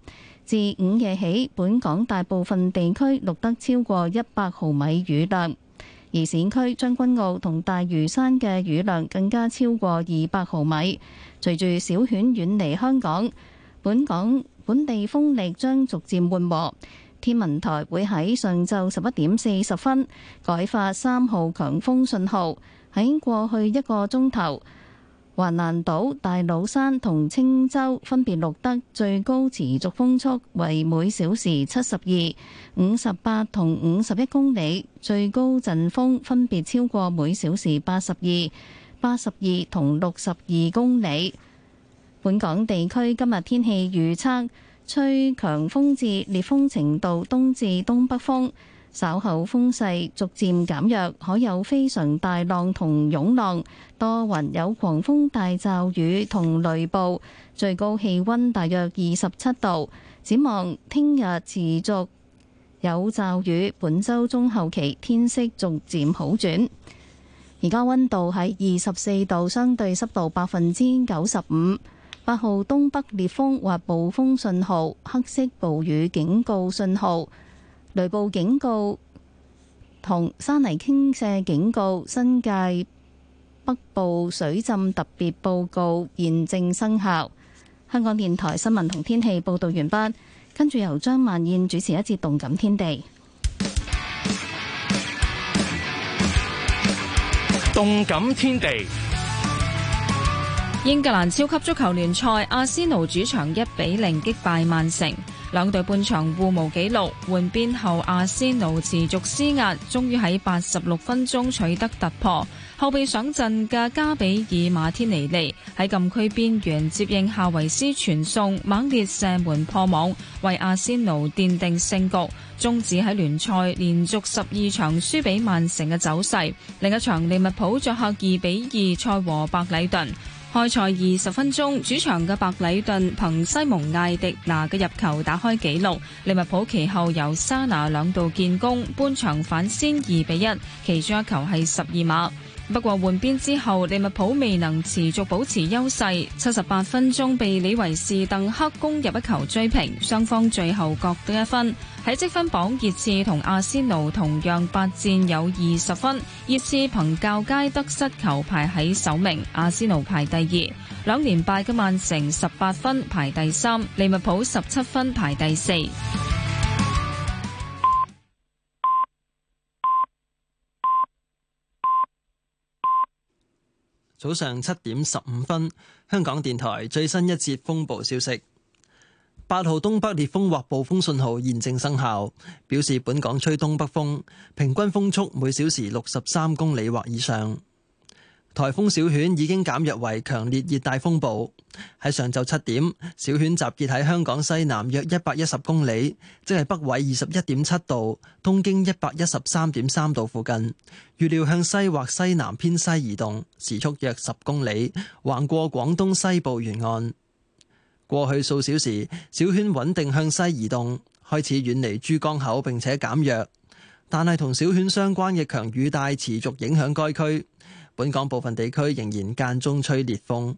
自午夜起，本港大部分地區錄得超過一百毫米雨量，而市區將軍澳同大嶼山嘅雨量更加超過二百毫米。隨住小犬遠離香港，本港本地風力將逐漸緩和。天文台會喺上晝十一點四十分改發三號強風信號。喺過去一個鐘頭，橫瀾島、大老山同青洲分別錄得最高持續風速為每小時七十二、五十八同五十一公里，最高陣風分別超過每小時八十二、八十二同六十二公里。本港地區今日天氣預測吹強風至烈風程度，東至東北風。稍後風勢逐漸減弱，可有非常大浪同湧浪。多雲，有狂風大驟雨同雷暴。最高氣温大約二十七度。展望聽日持續有驟雨，本週中後期天色逐漸好轉。而家温度喺二十四度，相對濕度百分之九十五。八號東北烈風或暴風信號，黑色暴雨警告信號。雷暴警告同山泥傾瀉警告，新界北部水浸特別報告現正生效。香港電台新聞同天氣報道完畢，跟住由張曼燕主持一節動感天地。動感天地，天地英格蘭超級足球聯賽，阿仙奴主場一比零擊敗曼城。兩隊半場互無紀錄，換邊後阿仙奴持續施壓，終於喺八十六分鐘取得突破。後備上陣嘅加比爾馬天尼利喺禁區邊緣接應夏維斯傳送，猛烈射門破網，為阿仙奴奠定勝局，終止喺聯賽連續十二場輸俾曼城嘅走勢。另一場利物浦作客二比二賽和白禮頓。開賽二十分鐘，主場嘅白禮頓憑西蒙艾迪拿嘅入球打開紀錄，利物浦其後由沙拿兩度建功，半場反先二比一，1，其中一球係十二碼。不過換邊之後，利物浦未能持續保持優勢，七十八分鐘被李維士鄧克攻入一球追平，雙方最後各得一分。喺積分榜，熱刺同阿仙奴同樣八戰有二十分，熱刺憑較佳得失球排喺首名，阿仙奴排第二，兩連敗嘅曼城十八分排第三，利物浦十七分排第四。早上七點十五分，香港電台最新一節風暴消息。八號東北烈風或暴風信號現正生效，表示本港吹東北風，平均風速每小時六十三公里或以上。颱風小犬已經減弱為強烈熱帶風暴，喺上晝七點，小犬集結喺香港西南約一百一十公里，即係北緯二十一點七度、東經一百一十三點三度附近。預料向西或西南偏西移動，時速約十公里，橫過廣東西部沿岸。過去數小時，小犬穩定向西移動，開始遠離珠江口並且減弱，但係同小犬相關嘅強雨帶持續影響該區。本港部分地區仍然間中吹烈風，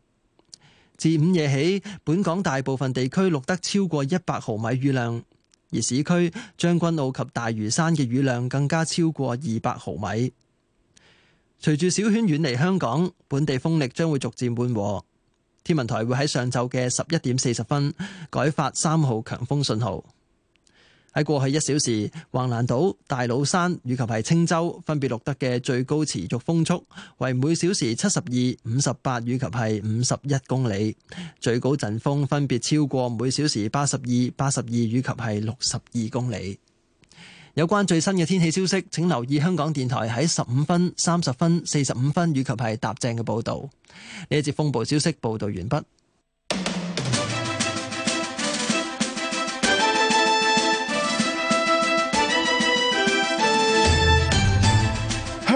自午夜起，本港大部分地區錄得超過一百毫米雨量，而市區將軍澳及大嶼山嘅雨量更加超過二百毫米。隨住小圈遠離香港，本地風力將會逐漸緩和。天文台會喺上晝嘅十一點四十分改發三號強風信號。喺過去一小時、橫瀾島、大老山以及係青洲分別錄得嘅最高持續風速為每小時七十二、五十八以及係五十一公里，最高陣風分別超過每小時八十二、八十二以及係六十二公里。有關最新嘅天氣消息，請留意香港電台喺十五分、三十分、四十五分以及係踏正嘅報道。呢一節風暴消息報道完畢。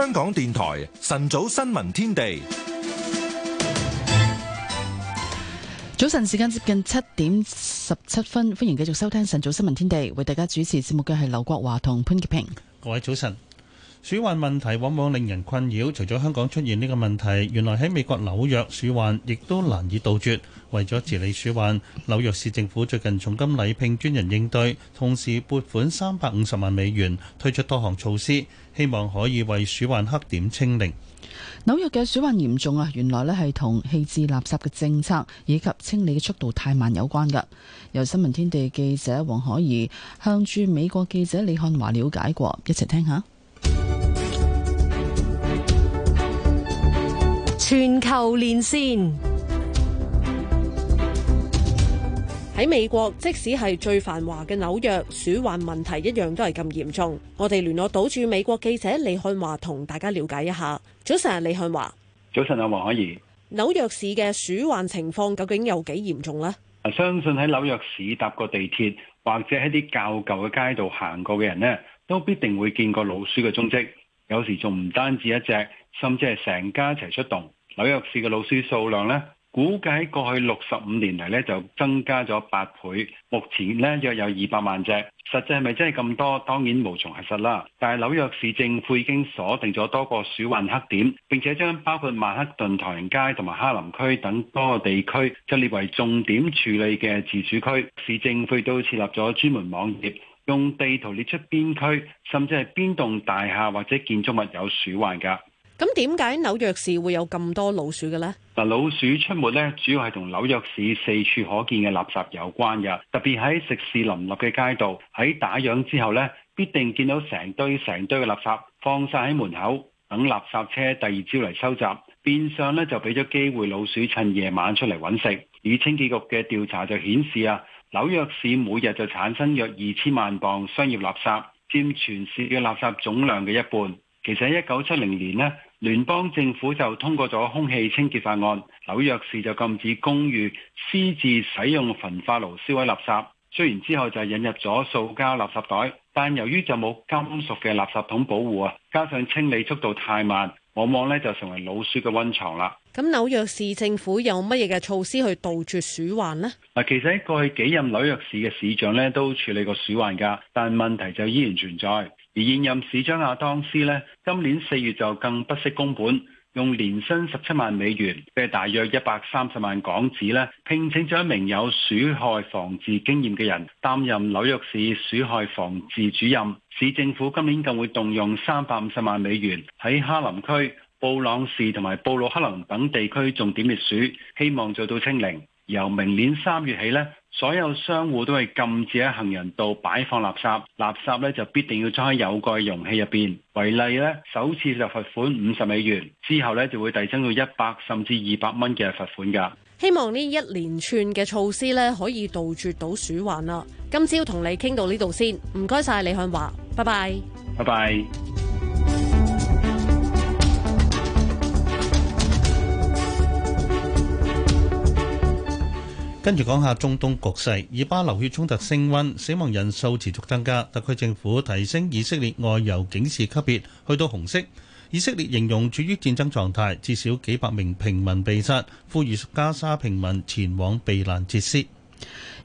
香港電台晨早新聞天地，早晨時間接近七點十七分，歡迎繼續收聽晨早新聞天地，為大家主持節目嘅係劉國華同潘潔平。各位早晨。鼠患問題往往令人困擾，除咗香港出現呢個問題，原來喺美國紐約鼠患亦都難以杜絕。為咗治理鼠患，紐約市政府最近重金禮聘專人應對，同時撥款三百五十萬美元推出多項措施，希望可以為鼠患黑點清零。紐約嘅鼠患嚴重啊，原來呢係同棄置垃圾嘅政策以及清理嘅速度太慢有關㗎。由新聞天地記者黃可兒向駐美國記者李漢華了解過，一齊聽下。全球連線喺美國，即使係最繁華嘅紐約，鼠患問題一樣都係咁嚴重。我哋聯絡到駐美國記者李漢華，同大家了解一下。早晨啊，李漢華。早晨阿黃可怡。紐約市嘅鼠患情況究竟有幾嚴重呢？相信喺紐約市搭過地鐵或者喺啲較舊嘅街道行過嘅人呢都必定會見過老鼠嘅蹤跡，有時仲唔單止一隻，甚至係成家一齊出動。紐約市嘅老鼠數量呢，估計過去六十五年嚟呢就增加咗八倍，目前呢，約有二百萬隻。實際係咪真係咁多？當然無從核實啦。但係紐約市政府已經鎖定咗多個鼠患黑點，並且將包括曼克頓唐人街同埋哈林區等多個地區，就列為重點處理嘅治鼠區。市政府亦都設立咗專門網頁。用地圖列出邊區，甚至係邊棟大廈或者建築物有鼠患嘅。咁點解紐約市會有咁多老鼠嘅呢？嗱，老鼠出沒咧，主要係同紐約市四處可見嘅垃圾有關嘅。特別喺食肆林立嘅街道，喺打烊之後呢，必定見到成堆成堆嘅垃圾放晒喺門口，等垃圾車第二朝嚟收集，變相呢，就俾咗機會老鼠趁夜晚出嚟揾食。與清潔局嘅調查就顯示啊。紐約市每日就產生約二千萬磅商業垃圾，佔全市嘅垃圾總量嘅一半。其實喺一九七零年呢，聯邦政府就通過咗空氣清潔法案，紐約市就禁止公寓私自使用焚化爐燒毀垃圾。雖然之後就引入咗塑膠垃圾袋，但由於就冇金屬嘅垃圾桶保護啊，加上清理速度太慢，往往呢就成為老鼠嘅溫床啦。咁紐約市政府有乜嘢嘅措施去杜絕鼠患呢？嗱，其實過去幾任紐約市嘅市長呢都處理過鼠患噶但問題就依然存在。而現任市長亞當斯呢，今年四月就更不惜公本，用年薪十七萬美元，即係大約一百三十萬港紙呢，聘請咗一名有鼠害防治經驗嘅人擔任紐約市鼠害防治主任。市政府今年更會動用三百五十萬美元喺哈林區布朗士同埋布魯克林等地區重點滅鼠，希望做到清零。由明年三月起咧，所有商戶都係禁止喺行人道擺放垃圾，垃圾呢就必定要裝喺有蓋容器入邊。為例呢，首次就罰款五十美元，之後呢就會提升到一百甚至二百蚊嘅罰款噶。希望呢一連串嘅措施呢可以杜絕到鼠患啦。今朝同你傾到呢度先，唔該晒李漢華，拜拜，拜拜。跟住講下中東局勢，以巴流血衝突升溫，死亡人數持續增加。特區政府提升以色列外遊警示級別，去到紅色。以色列形容處於戰爭狀態，至少幾百名平民被殺，呼籲加沙平民前往避難設施。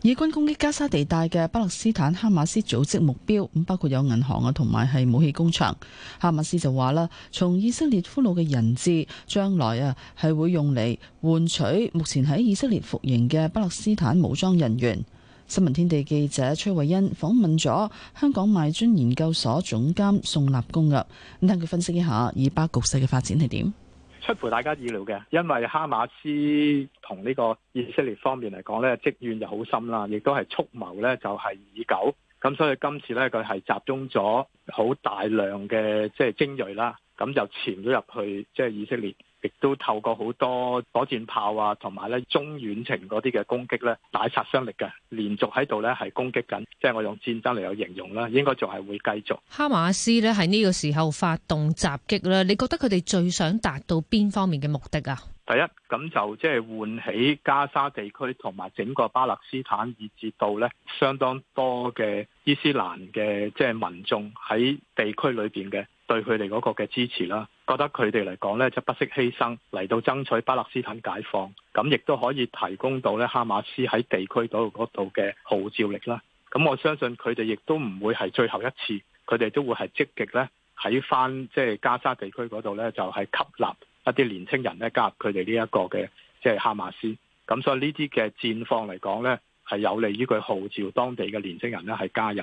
以軍攻擊加沙地帶嘅巴勒斯坦哈馬斯組織目標包括有銀行啊，同埋係武器工廠。哈馬斯就話啦，從以色列俘虜嘅人質將來啊係會用嚟換取目前喺以色列服刑嘅巴勒斯坦武裝人員。新聞天地記者崔慧欣訪問咗香港賣磚研究所總監宋立功。嘅咁，等佢分析一下以巴局勢嘅發展係點。出乎大家意料嘅，因為哈馬斯同呢個以色列方面嚟講呢，積怨就好深啦，亦都係蓄謀呢就係已久咁，所以今次呢，佢係集中咗好大量嘅即係精銳啦，咁就潛咗入去即係以色列。亦都透過好多火箭炮啊，同埋咧中遠程嗰啲嘅攻擊咧，大殺傷力嘅，連續喺度咧係攻擊緊，即係我用戰爭嚟有形容啦，應該仲係會繼續。哈馬斯咧喺呢個時候發動襲擊咧，你覺得佢哋最想達到邊方面嘅目的啊？第一咁就即係喚起加沙地區同埋整個巴勒斯坦以至到咧相當多嘅伊斯蘭嘅即係民眾喺地區裏邊嘅。對佢哋嗰個嘅支持啦，覺得佢哋嚟講呢，就不惜犧牲嚟到爭取巴勒斯坦解放，咁亦都可以提供到呢哈馬斯喺地區嗰度嗰度嘅號召力啦。咁我相信佢哋亦都唔會係最後一次，佢哋都會係積極呢喺返即係加沙地區嗰度呢，就係吸納一啲年青人呢，加入佢哋呢一個嘅即係哈馬斯。咁所以呢啲嘅戰況嚟講呢，係有利於佢號召當地嘅年青人呢，係加入。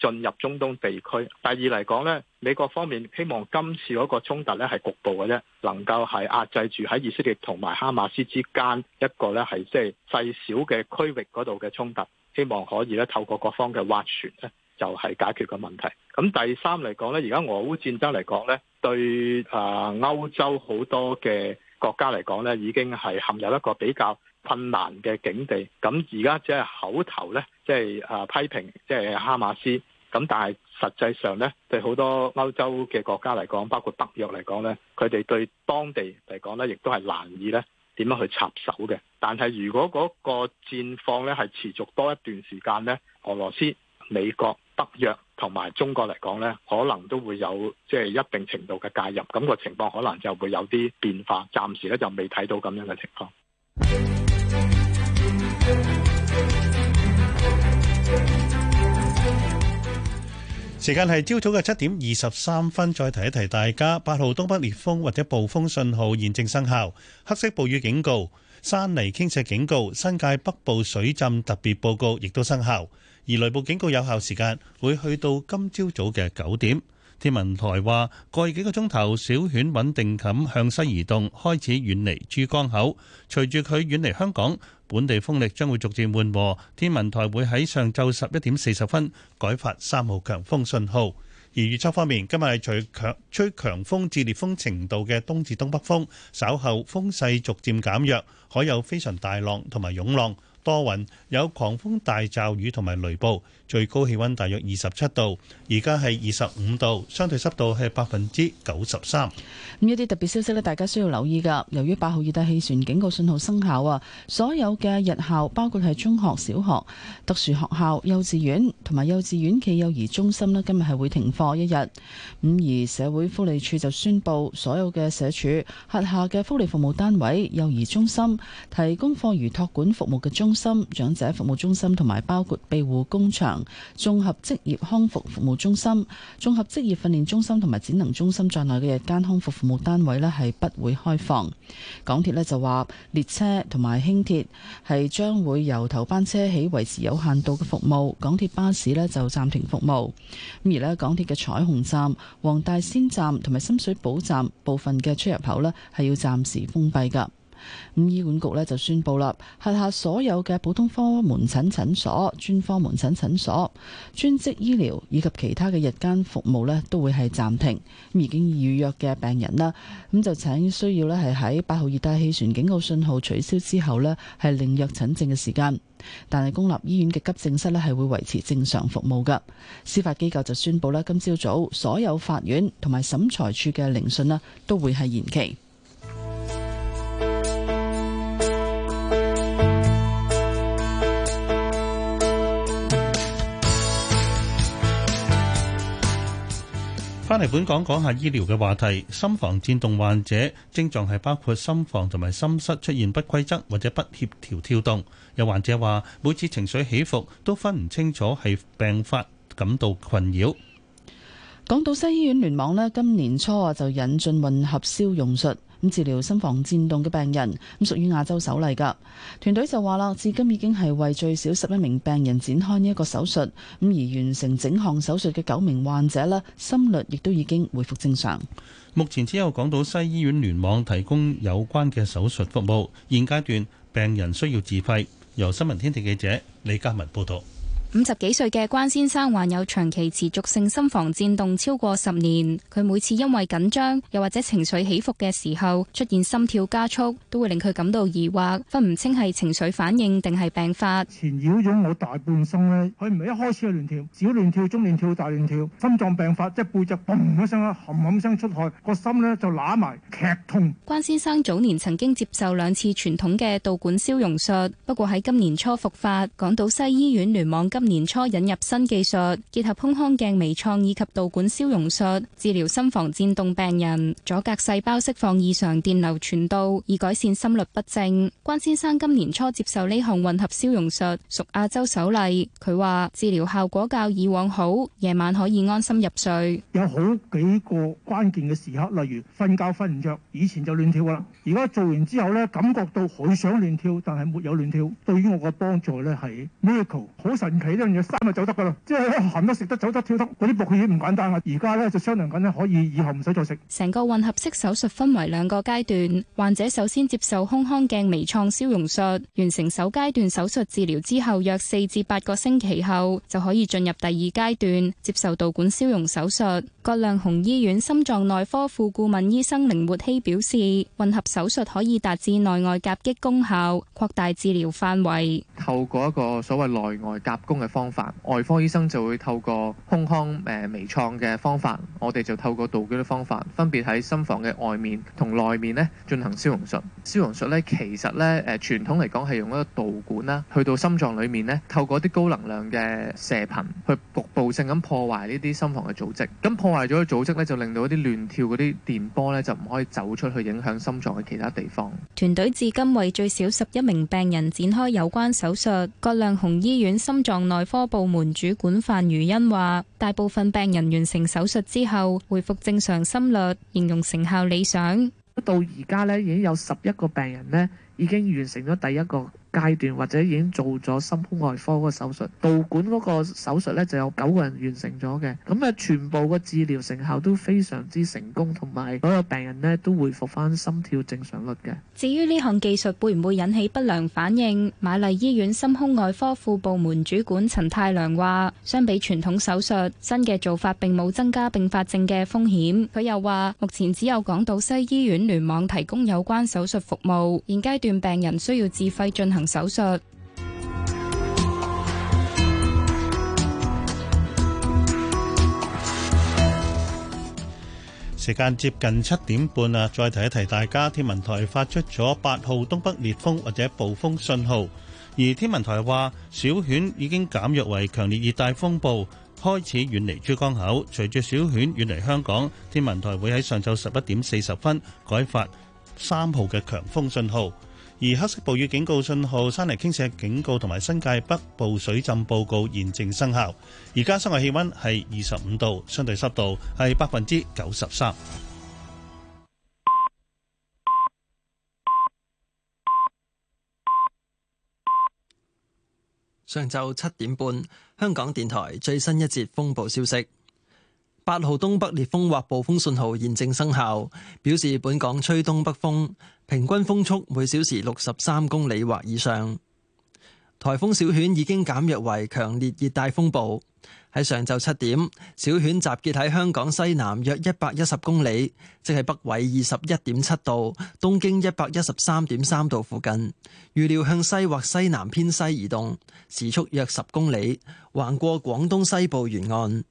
進入中東地區。第二嚟講呢，美國方面希望今次嗰個衝突呢係局部嘅啫，能夠係壓制住喺以色列同埋哈馬斯之間一個呢係即係細小嘅區域嗰度嘅衝突，希望可以呢透過各方嘅斡旋呢就係解決個問題。咁第三嚟講呢，而家俄烏戰爭嚟講呢，對啊歐洲好多嘅國家嚟講呢，已經係陷入一個比較困難嘅境地，咁而家只係口頭咧，即係啊批評，即係哈馬斯，咁但係實際上咧，對好多歐洲嘅國家嚟講，包括北約嚟講咧，佢哋對當地嚟講咧，亦都係難以咧點樣去插手嘅。但係如果嗰個戰況咧係持續多一段時間咧，俄羅斯、美國、北約同埋中國嚟講咧，可能都會有即係一定程度嘅介入，咁個情況可能就會有啲變化。暫時咧就未睇到咁樣嘅情況。時間係朝早嘅七點二十三分，再提一提大家，八號東北烈風或者暴風信號現正生效，黑色暴雨警告、山泥傾瀉警告、新界北部水浸特別報告亦都生效。而雷暴警告有效時間會去到今朝早嘅九點。天文台話過去幾個鐘頭，小犬穩定咁向西移動，開始遠離珠江口，隨住佢遠離香港。本地風力將會逐漸緩和，天文台會喺上晝十一點四十分改發三號強風信號。而預測方面，今日係除強吹強風至烈風程度嘅東至東北風，稍後風勢逐漸減弱，海有非常大浪同埋湧浪。多雲，有狂風大驟雨同埋雷暴，最高氣溫大約二十七度，而家係二十五度，相對濕度係百分之九十三。咁一啲特別消息咧，大家需要留意噶。由於八號熱帶氣旋警告信號生效啊，所有嘅日校，包括係中學、小學、特殊學校、幼稚園同埋幼稚園暨幼兒中心咧，今日係會停課一日。咁而社會福利署就宣布，所有嘅社署轄下嘅福利服務單位、幼兒中心提供課餘託管服務嘅中。心長者服務中心同埋包括庇護工場、綜合職業康復服務中心、綜合職業訓練中心同埋展能中心在內嘅日間康復服務單位呢係不會開放。港鐵呢就話列車同埋輕鐵係將會由頭班車起維持有限度嘅服務，港鐵巴士呢就暫停服務。咁而呢港鐵嘅彩虹站、黃大仙站同埋深水埗站部分嘅出入口呢係要暫時封閉噶。咁醫管局咧，就宣佈啦，轄下所有嘅普通科門診診所、專科門診診所、專職醫療以及其他嘅日間服務咧都會係暫停。已經預約嘅病人啦，咁就請需要咧係喺八號熱帶氣旋警告信號取消之後呢係另約診症嘅時間。但係公立醫院嘅急症室咧係會維持正常服務噶。司法機構就宣佈咧今朝早，早所有法院同埋審裁處嘅聆訊啊都會係延期。翻嚟，本港講下醫療嘅話題，心房顫動患者症狀係包括心房同埋心室出現不規則或者不協調跳動。有患者話每次情緒起伏都分唔清楚係病發，感到困擾。港島西醫院聯網咧，今年初就引進混合消融術。咁治療心房顫動嘅病人，咁屬於亞洲首例㗎。團隊就話啦，至今已經係為最少十一名病人展開呢一個手術，咁而完成整項手術嘅九名患者呢，心率亦都已經恢復正常。目前只有港島西醫院聯網提供有關嘅手術服務，現階段病人需要自費。由新聞天地記者李嘉文報道。五十幾歲嘅關先生患有長期持續性心房顫動超過十年，佢每次因為緊張又或者情緒起伏嘅時候出現心跳加速，都會令佢感到疑惑，分唔清係情緒反應定係病發。纏繞咗我大半生呢，佢唔係一開始就亂跳，小亂跳，中亂跳，大亂跳，心臟病發即係、就是、背脊嘣一聲啦，冚冚聲出汗，個心呢就揦埋劇痛。關先生早年曾經接受兩次傳統嘅導管消融術，不過喺今年初復發。港島西醫院聯網。今年初引入新技術，結合胸腔鏡微創以及導管消融術治療心房顫動病人，阻隔細胞釋放異常電流傳導，以改善心律不正。關先生今年初接受呢項混合消融術，屬亞洲首例。佢話治療效果較以往好，夜晚可以安心入睡。有好幾個關鍵嘅時刻，例如瞓覺瞓唔着，以前就亂跳啦。而家做完之後呢，感覺到好想亂跳，但係沒有亂跳。對於我嘅幫助呢，係 miracle 好神奇。起呢樣嘢三就走得㗎啦，即係行得食得走得跳得，嗰啲薄血唔簡單啊！而家咧就商量緊咧，可以以後唔使再食。成個混合式手術分為兩個階段，患者首先接受胸腔鏡，鏡微創消融術，完成首階段手術治療之後，約四至八個星期後就可以進入第二階段接受導管消融手術。葛量洪醫院心臟內科副顧問醫生凌活希表示，混合手術可以達至內外夾擊功效，擴大治療範圍。透過一個所謂內外夾嘅方法，外科醫生就會透過胸腔誒微創嘅方法，我哋就透過導管嘅方法，分別喺心房嘅外面同內面咧進行消融術。消融術咧其實咧誒傳統嚟講係用一個導管啦，去到心臟裏面咧，透過一啲高能量嘅射頻去局部性咁破壞呢啲心房嘅組織。咁破壞咗嘅組織咧，就令到一啲亂跳嗰啲電波咧就唔可以走出去影響心臟嘅其他地方。團隊至今為最少十一名病人展開有關手術。葛量洪醫院心臟內科部門主管范如恩話，大部分病人完成手術之後，恢復正常心率，形容成效理想。到而家呢，已經有十一個病人呢，已經完成咗第一個。階段或者已經做咗心胸外科個手術導管嗰個手術呢，就有九個人完成咗嘅。咁啊，全部個治療成效都非常之成功，同埋所有病人呢都恢復翻心跳正常率嘅。至於呢項技術會唔會引起不良反應？瑪麗醫院心胸外科副部門主管陳太良話：相比傳統手術，新嘅做法並冇增加併發症嘅風險。佢又話：目前只有港島西醫院聯網提供有關手術服務，現階段病人需要自費進行。手術時間接近七點半啦，再提一提大家。天文台發出咗八號東北烈風或者暴風信號，而天文台話小犬已經減弱為強烈熱帶風暴，開始遠離珠江口。隨住小犬遠離香港，天文台會喺上晝十一點四十分改發三號嘅強風信號。而黑色暴雨警告信號、山泥傾瀉警告同埋新界北部水浸報告現正生效。而家室外氣溫係二十五度，相對濕度係百分之九十三。上晝七點半，香港電台最新一節風暴消息。八號東北烈風或暴風信號現正生效，表示本港吹東北風，平均風速每小時六十三公里或以上。台風小犬已經減弱為強烈熱帶風暴。喺上晝七點，小犬集結喺香港西南約一百一十公里，即係北緯二十一點七度、東經一百一十三點三度附近。預料向西或西南偏西移動，時速約十公里，橫過廣東西部沿岸。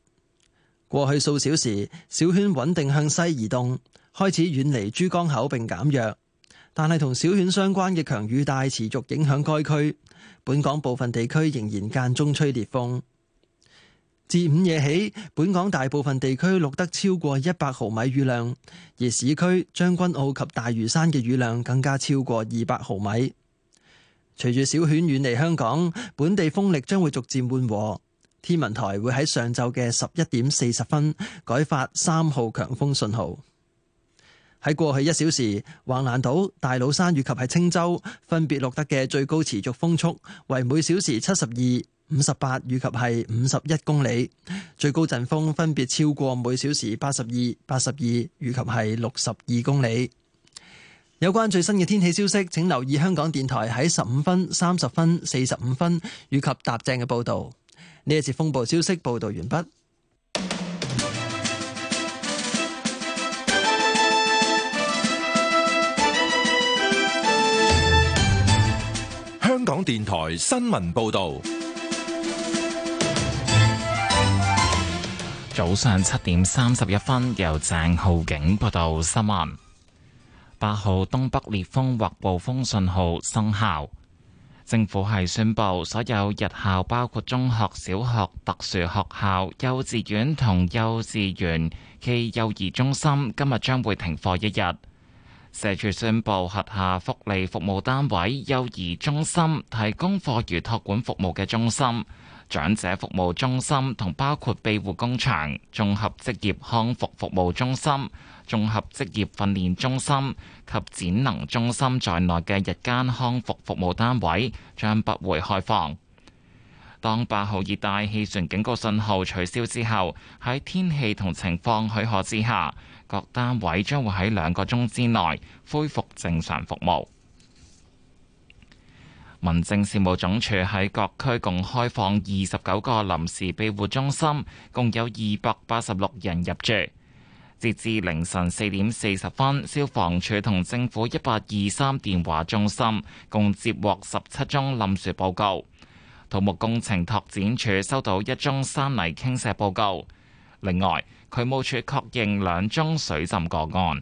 過去數小時，小犬穩定向西移動，開始遠離珠江口並減弱。但係同小犬相關嘅強雨帶持續影響該區，本港部分地區仍然間中吹烈風。自午夜起，本港大部分地區錄得超過一百毫米雨量，而市區將軍澳及大嶼山嘅雨量更加超過二百毫米。隨住小犬遠離香港，本地風力將會逐漸緩和。天文台會喺上晝嘅十一點四十分改發三號強風信號。喺過去一小時，橫瀾島、大老山以及係青州分別錄得嘅最高持續風速為每小時七十二、五十八以及係五十一公里，最高陣風分別超過每小時八十二、八十二以及係六十二公里。有關最新嘅天氣消息，請留意香港電台喺十五分、三十分、四十五分以及踏正嘅報道。呢一次風暴消息報道完畢。香港電台新聞報道，早上七點三十一分，由鄭浩景報道新聞。八號東北烈風或暴風信號生效。政府係宣布，所有日校包括中學、小學、特殊學校、幼稚園同幼稚園暨幼兒中心，今日將會停課一日。社署宣布，轄下福利服務單位、幼兒中心提供課餘託管服務嘅中心、長者服務中心同包括庇護工場、綜合職業康復服務中心、綜合職業訓練中心及展能中心在內嘅日間康復服務單位將不會開放。當八號熱帶氣旋警告信號取消之後，喺天氣同情況許可之下，各單位將會喺兩個鐘之內恢復正常服務。民政事務總署喺各區共開放二十九個臨時庇護中心，共有二百八十六人入住。截至凌晨四點四十分，消防處同政府一八二三電話中心共接獲十七宗冧樹報告，土木工程拓展署收到一宗山泥傾瀉報告。另外，渠務署確認兩宗水浸個案，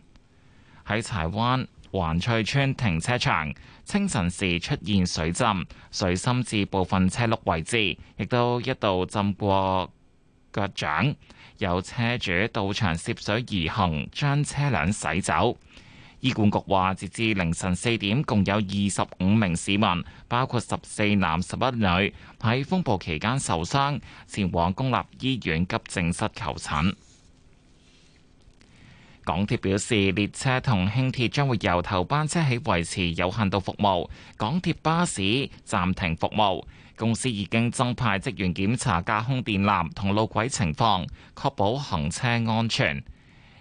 喺柴灣環翠邨停車場。清晨時出現水浸，水深至部分車轆位置，亦都一度浸過腳掌。有車主到場涉水而行，將車輛洗走。醫管局話，截至凌晨四點，共有二十五名市民，包括十四男十一女，喺風暴期間受傷，前往公立醫院急症室求診。港鐵表示，列車同輕鐵將會由頭班車起維持有限度服務，港鐵巴士暫停服務。公司已經增派職員檢查架空電纜同路軌情況，確保行車安全。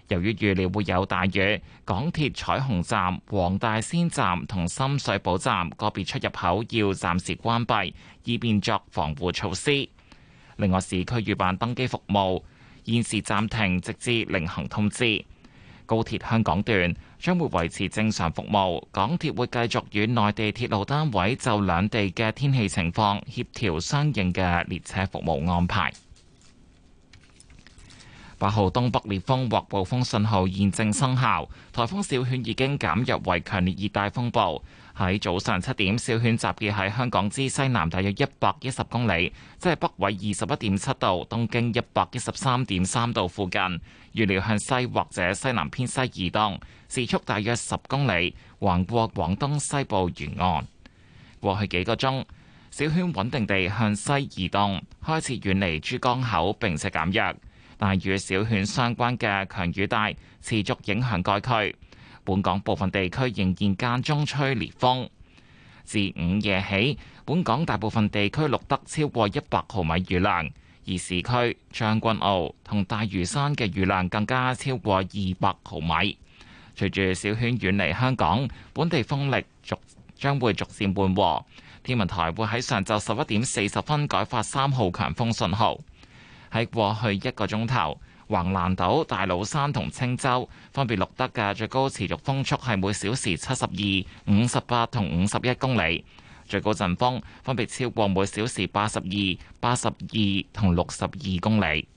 由於預料會有大雨，港鐵彩虹站、黃大仙站同深水埗站個別出入口要暫時關閉，以便作防護措施。另外，市區預辦登機服務現時暫停，直至另行通知。高鐵香港段將會維持正常服務，港鐵會繼續與內地鐵路單位就兩地嘅天氣情況協調相應嘅列車服務安排。八號東北烈風或暴風信號現正生效，颱風小犬已經減弱為強烈熱帶風暴。喺早上七點，小犬集結喺香港之西南，大約一百一十公里，即係北緯二十一點七度、東經一百一十三點三度附近。預料向西或者西南偏西移動，時速大約十公里，橫過廣東西部沿岸。過去幾個鐘，小犬穩定地向西移動，開始遠離珠江口並且減弱。但與小犬相關嘅強雨帶持續影響該區。本港部分地區仍然間中吹烈風，自午夜起，本港大部分地區錄得超過一百毫米雨量，而市區將軍澳同大嶼山嘅雨量更加超過二百毫米。隨住小圈遠離香港，本地風力逐將會逐漸緩和。天文台會喺上晝十一點四十分改發三號強風信號。喺過去一個鐘頭，橫瀾島、大老山同青洲分別錄得嘅最高持續風速係每小時七十二、五十八同五十一公里，最高陣風分別超過每小時八十二、八十二同六十二公里。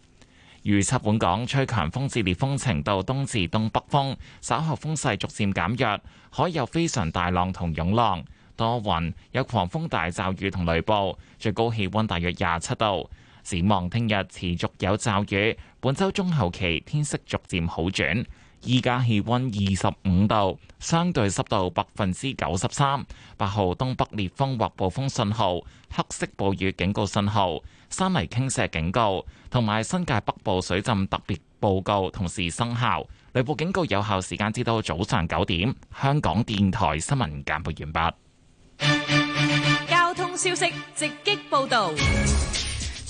預測本港吹強風至烈風程度，東至東北風，稍後風勢逐漸減弱，海有非常大浪同湧浪，多雲，有狂風大驟雨同雷暴，最高氣溫大約廿七度。展望聽日持續有驟雨。本周中後期天色逐漸好轉，而家氣溫二十五度，相對濕度百分之九十三。八號東北烈風或暴風信號、黑色暴雨警告信號、山泥傾瀉警告同埋新界北部水浸特別報告同時生效。雷暴警告有效時間至到早上九點。香港電台新聞簡報完畢。交通消息直擊報道。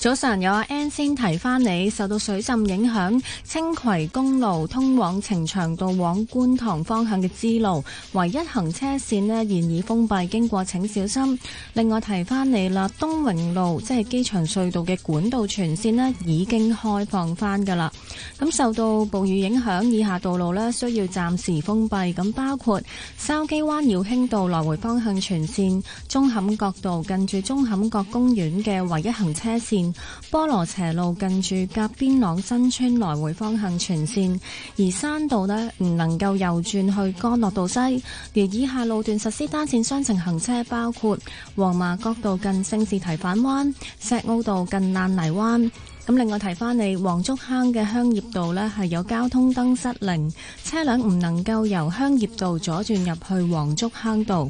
早上有阿 N 先提翻你，受到水浸影響，青葵公路通往呈祥道往觀塘方向嘅支路，唯一行車線咧現已封閉，經過請小心。另外提翻你啦，東榮路即係機場隧道嘅管道全線咧已經開放翻㗎啦。咁受到暴雨影響，以下道路咧需要暫時封閉，咁包括筲箕灣耀興道來回方向全線、舂坎角道近住舂坎角公園嘅唯一行車線。菠蘿斜路近住甲邊朗新村來回方向全線，而山道呢唔能夠右轉去干諾道西，而以下路段實施單線雙程行車，包括黃麻角道近聖士提反灣、石澳道近爛泥灣。咁另外提翻你，黃竹坑嘅香葉道呢，係有交通燈失靈，車輛唔能夠由香葉道左轉入去黃竹坑道。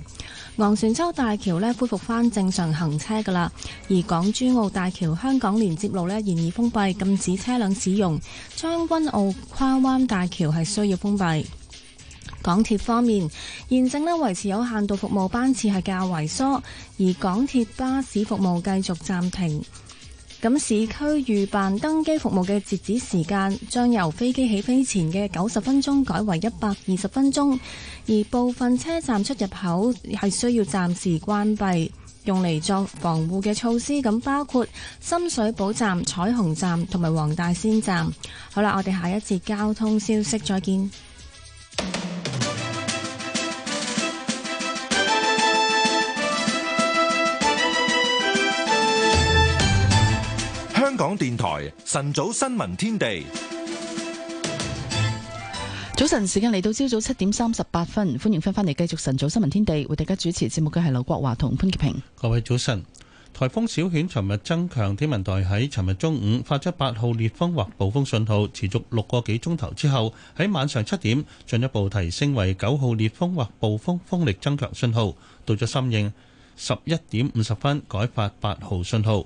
昂船洲大橋呢，恢復翻正常行車噶啦，而港珠澳大橋香港連接路呢，現已封閉，禁止車輛使用。將軍澳跨灣大橋係需要封閉。港鐵方面，現正呢維持有限度服務班次係較為疏，而港鐵巴士服務繼續暫停。咁市區預辦登機服務嘅截止時間將由飛機起飛前嘅九十分鐘改為一百二十分鐘，而部分車站出入口係需要暫時關閉，用嚟作防護嘅措施。咁包括深水埗站、彩虹站同埋黃大仙站。好啦，我哋下一節交通消息，再見。電台晨早新聞天地，早晨時間嚟到朝早七點三十八分，歡迎翻翻嚟繼續晨早新聞天地，為大家主持節目嘅係劉國華同潘潔平。各位早晨，颱風小犬尋日增強，天文台喺尋日中午發出八號烈風或暴風信號，持續六個幾鐘頭之後，喺晚上七點進一步提升為九號烈風或暴風風力增強信號，到咗深夜十一點五十分改發八號信號。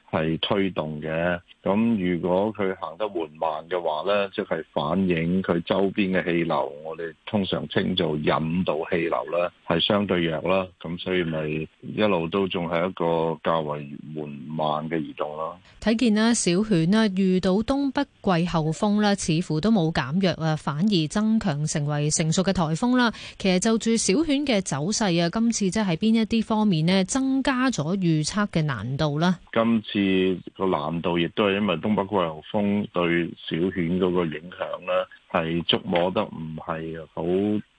係推動嘅，咁如果佢行得緩慢嘅話呢，即係反映佢周邊嘅氣流，我哋通常稱做引導氣流啦，係相對弱啦，咁所以咪一路都仲係一個較為緩慢嘅移動咯。睇見咧，小犬咧遇到東北季候風呢似乎都冇減弱啊，反而增強成為成熟嘅颱風啦。其實就住小犬嘅走勢啊，今次即係邊一啲方面呢？增加咗預測嘅難度啦。今次。個難度亦都係因為東北季候風對小犬嗰個影響咧，係捉摸得唔係好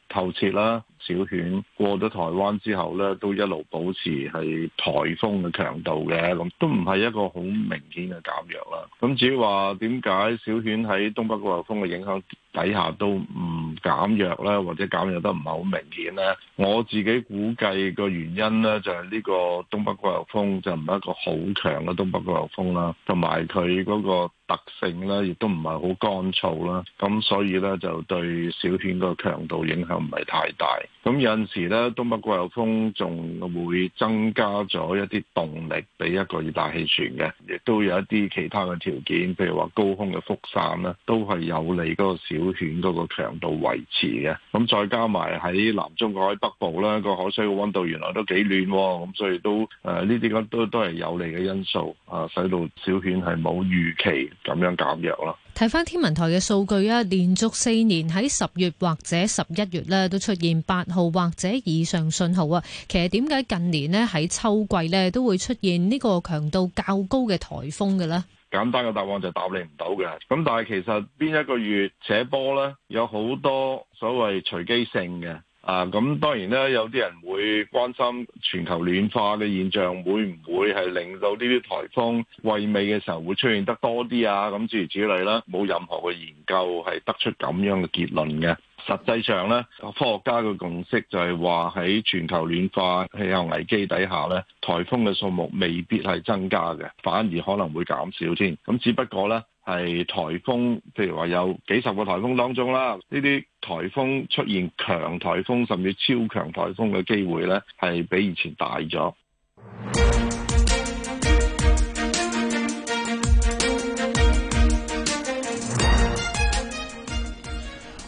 透徹啦。小犬過咗台灣之後咧，都一路保持係颱風嘅強度嘅，咁都唔係一個好明顯嘅減弱啦。咁至於話點解小犬喺東北季候風嘅影響底下都唔減弱咧，或者減弱得唔係好明顯咧？我自己估計個原因咧，就係呢個東北季候風就唔係一個好強嘅東北季候風啦，同埋佢嗰個特性咧，亦都唔係好乾燥啦，咁所以咧就對小犬個強度影響唔係太大。咁有陣時咧，東北季候風仲會增加咗一啲動力俾一個熱帶氣旋嘅，亦都有一啲其他嘅條件，譬如話高空嘅輻散啦，都係有利嗰個小犬嗰個強度維持嘅。咁再加埋喺南中國海北部咧，嗰個海水嘅溫度原來都幾暖，咁所以都誒呢啲咁都都係有利嘅因素，啊，使到小犬係冇預期咁樣減弱咯。睇翻天文台嘅數據啊，連續四年喺十月或者十一月咧都出現八號或者以上信號啊。其實點解近年呢喺秋季咧都會出現呢個強度較高嘅台風嘅呢？簡單嘅答案就答你唔到嘅。咁但係其實邊一個月扯波呢？有好多所謂隨機性嘅。啊，咁當然咧，有啲人會關心全球暖化嘅現象會唔會係令到呢啲颱風餵美嘅時候會出現得多啲啊？咁諸如此類啦，冇任何嘅研究係得出咁樣嘅結論嘅。實際上咧，科學家嘅共識就係話喺全球暖化氣候危機底下咧，颱風嘅數目未必係增加嘅，反而可能會減少添。咁只不過咧，係颱風譬如話有幾十個颱風當中啦，呢啲颱風出現強颱風甚至超強颱風嘅機會咧，係比以前大咗。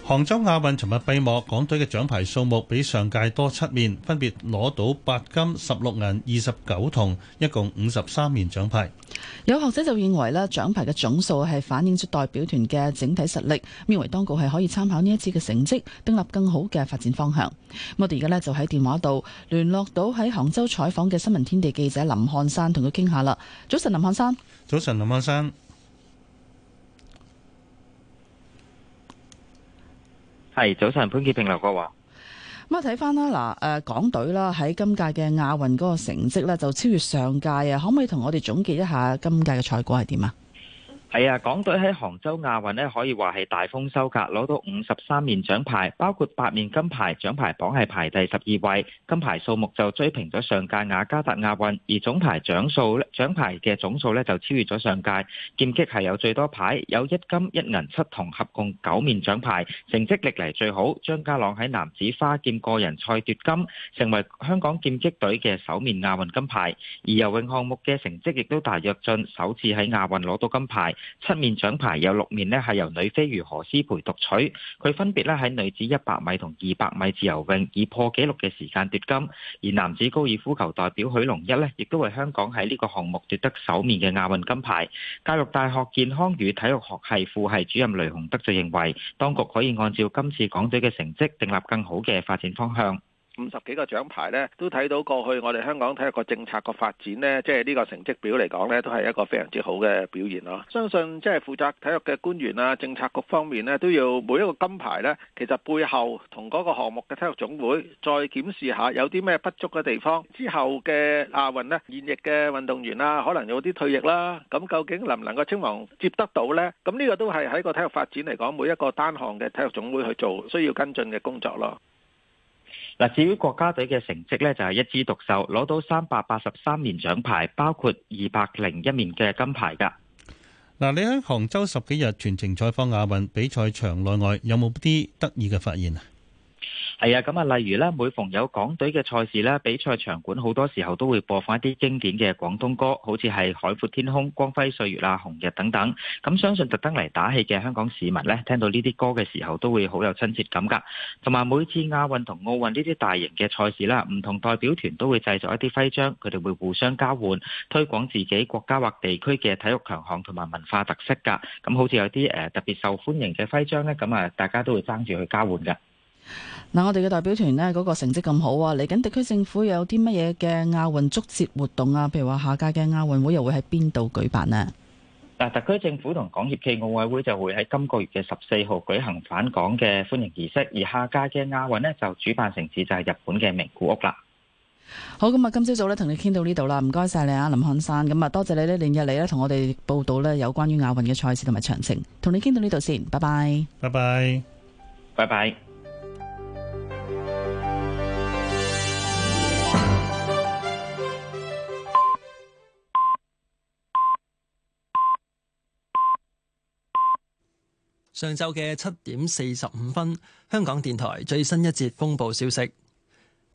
杭州亞運尋日閉幕，港隊嘅獎牌數目比上屆多七面，分別攞到八金、十六銀、二十九銅，一共五十三面獎牌。有學者就認為呢，獎牌嘅總數係反映出代表團嘅整體實力，認為當局係可以參考呢一次嘅成績，訂立更好嘅發展方向。我哋而家呢，就喺電話度聯絡到喺杭州採訪嘅新聞天地記者林漢山，同佢傾下啦。早晨，林漢山。早晨，林漢山。係，早晨潘潔平劉國華。咁啊、嗯，睇翻啦，嗱，誒，港隊啦，喺今屆嘅亞運嗰個成績咧，就超越上屆啊，可唔可以同我哋總結一下今屆嘅賽果係點啊？係啊、哎，港隊喺杭州亞運咧，可以話係大豐收噶，攞到五十三面獎牌，包括八面金牌，獎牌榜係排第十二位，金牌數目就追平咗上屆雅加達亞運，而總牌獎數獎牌嘅總數咧就超越咗上屆。劍擊係有最多牌，有一金一銀七銅合共九面獎牌，成績歷嚟最好。張家朗喺男子花劍個人賽奪金，成為香港劍擊隊嘅首面亞運金牌。而游泳項目嘅成績亦都大躍進，首次喺亞運攞到金牌。七面獎牌有六面咧係由女飛魚何詩蓓奪取，佢分別咧喺女子一百米同二百米自由泳以破紀錄嘅時間奪金，而男子高爾夫球代表許龍一咧亦都為香港喺呢個項目奪得首面嘅亞運金牌。教育大學健康與體育學系副系主任雷洪德就認為，當局可以按照今次港隊嘅成績訂立更好嘅發展方向。五十幾個獎牌咧，都睇到過去我哋香港體育個政策個發展呢，即係呢個成績表嚟講呢，都係一個非常之好嘅表現咯。相信即係負責體育嘅官員啊，政策局方面呢，都要每一個金牌呢，其實背後同嗰個項目嘅體育總會再檢視下有啲咩不足嘅地方。之後嘅亞運咧，現役嘅運動員啊，可能有啲退役啦，咁究竟能唔能夠青黃接得到呢？咁呢個都係喺個體育發展嚟講，每一個單項嘅體育總會去做需要跟進嘅工作咯。嗱，至於國家隊嘅成績呢，就係一枝獨秀，攞到三百八十三面獎牌，包括二百零一面嘅金牌噶。嗱， 你喺杭州十幾日全程採訪亞運比賽場內外，有冇啲得意嘅發現啊？係啊，咁啊，例如咧，每逢有港隊嘅賽事咧，比賽場館好多時候都會播放一啲經典嘅廣東歌，好似係《海闊天空》《光輝歲月》啊，《紅日》等等。咁相信特登嚟打氣嘅香港市民咧，聽到呢啲歌嘅時候，都會好有親切感噶。同埋每次亞運同奧運呢啲大型嘅賽事啦，唔同代表團都會製作一啲徽章，佢哋會互相交換，推廣自己國家或地區嘅體育強項同埋文化特色噶。咁好似有啲誒特別受歡迎嘅徽章咧，咁啊，大家都會爭住去交換噶。嗱、嗯，我哋嘅代表團呢，嗰、嗰個成績咁好啊！嚟緊，地區政府有啲乜嘢嘅亞運足節活動啊？譬如話下屆嘅亞運會又會喺邊度舉辦呢？嗱，特區政府同港協暨奧委會就會喺今個月嘅十四號舉行返港嘅歡迎儀式，而下屆嘅亞運呢就主辦城市就係日本嘅名古屋啦。好，咁啊、嗯，今朝早呢，同你傾到呢度啦，唔該晒你啊，林漢山。咁啊、嗯，多謝你咧，連日嚟咧同我哋報道呢有關於亞運嘅賽事同埋詳情。同你傾到呢度先，拜拜，拜拜，拜拜。上晝嘅七點四十五分，香港電台最新一節風暴消息：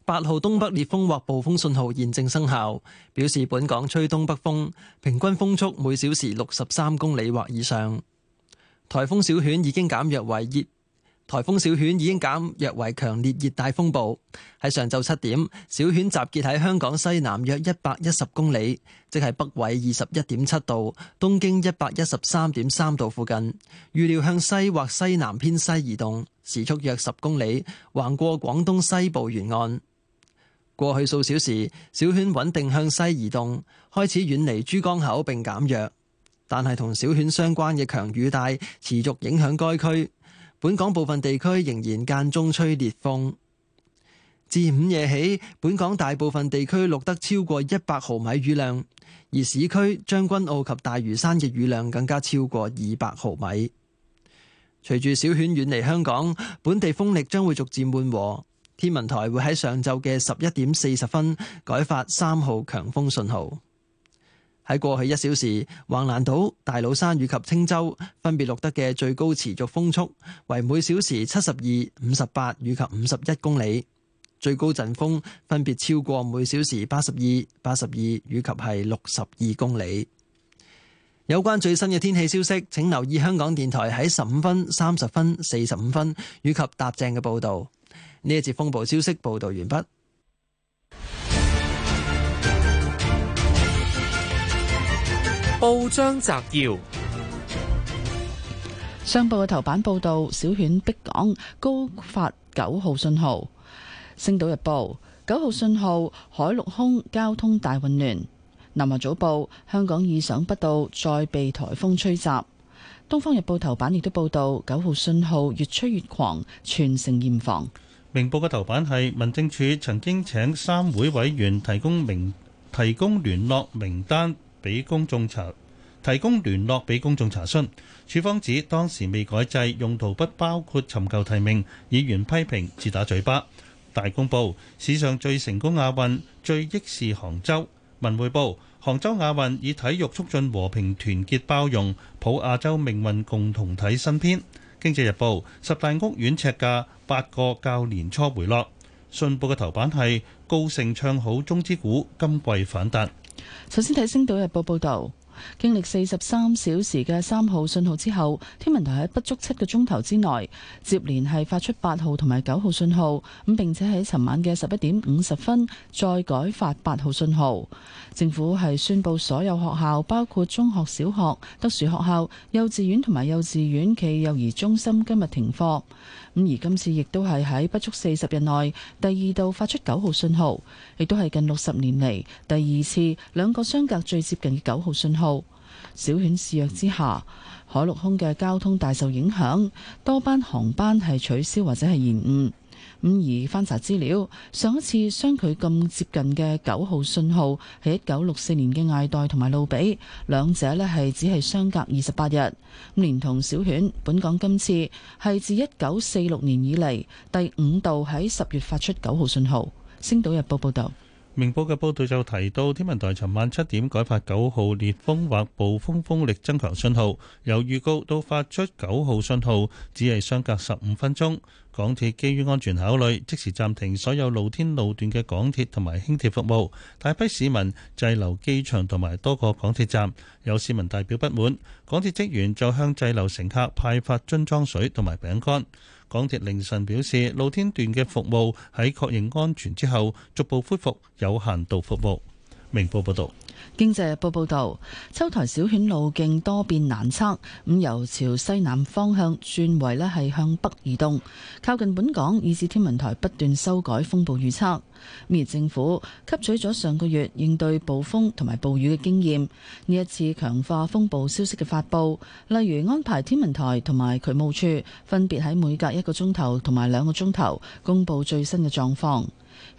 八號東北烈風或暴風信號現正生效，表示本港吹東北風，平均風速每小時六十三公里或以上。台風小犬已經減弱為熱。颱風小犬已經減弱為強烈熱帶風暴。喺上晝七點，小犬集結喺香港西南約一百一十公里，即係北緯二十一點七度、東經一百一十三點三度附近。預料向西或西南偏西移動，時速約十公里，橫過廣東西部沿岸。過去數小時，小犬穩定向西移動，開始遠離珠江口並減弱，但係同小犬相關嘅強雨帶持續影響該區。本港部分地區仍然間中吹烈風，自午夜起，本港大部分地區錄得超過一百毫米雨量，而市區、將軍澳及大嶼山嘅雨量更加超過二百毫米。隨住小犬遠離香港，本地風力將會逐漸緩和。天文台會喺上晝嘅十一點四十分改發三號強風信號。喺過去一小時，橫瀾島、大老山以及青洲分別錄得嘅最高持續風速為每小時七十二、五十八與及五十一公里，最高陣風分別超過每小時八十二、八十二與及係六十二公里。有關最新嘅天氣消息，請留意香港電台喺十五分、三十分、四十五分與及踏正嘅報導。呢一節風暴消息報導完畢。報章摘要：商報嘅頭版報道小犬逼港，高發九號信號。星島日報九號信號，海陸空交通大混亂。南華早報香港意想不到再被台風吹襲。東方日報頭版亦都報道九號信號越吹越狂，全城嚴防。明報嘅頭版係民政處曾經請三會委員提供名提供聯絡名單。俾公眾查提供聯絡俾公眾查詢。署方指當時未改制用途不包括尋求提名。議員批評自打嘴巴。大公報史上最成功亞運最益是杭州。文匯報杭州亞運以體育促進和平團結包容，普亞洲命運共同體新篇。經濟日報十大屋苑尺價八個較年初回落。信報嘅頭版係高盛唱好中資股今季反彈。首先睇《星島日報》報道。經歷四十三小時嘅三號信號之後，天文台喺不足七個鐘頭之內接連係發出八號同埋九號信號，咁並且喺尋晚嘅十一點五十分再改發八號信號。政府係宣佈所有學校，包括中學、小學、特殊學校、幼稚園同埋幼稚園暨幼兒中心，今日停課。咁而今次亦都係喺不足四十日內第二度發出九號信號，亦都係近六十年嚟，第二次兩個相隔最接近嘅九號信號。小犬示弱之下，海陸空嘅交通大受影響，多班航班係取消或者係延誤。咁而翻查資料，上一次相距咁接近嘅九號信號，係一九六四年嘅艾代同埋路比，兩者咧係只係相隔二十八日。連同小犬，本港今次係自一九四六年以嚟第五度喺十月發出九號信號。星島日報報道。明報嘅報道就提到，天文台尋晚七點改發九號烈風或暴風風力增強信號，由預告到發出九號信號只係相隔十五分鐘。港鐵基於安全考慮，即時暫停所有露天路段嘅港鐵同埋輕鐵服務，大批市民滯留機場同埋多個港鐵站，有市民代表不滿，港鐵職員就向滯留乘客派發樽裝水同埋餅乾。港鐵凌晨表示，露天段嘅服務，喺確認安全之後，逐步恢復有限度服務。明報報道，經濟日報報道，秋台小犬路徑多變難測，咁由朝西南方向轉為咧係向北移動，靠近本港，以至天文台不斷修改風暴預測。咁而政府吸取咗上個月應對暴風同埋暴雨嘅經驗，呢一次強化風暴消息嘅發布，例如安排天文台同埋渠務處分別喺每隔一個鐘頭同埋兩個鐘頭公布最新嘅狀況。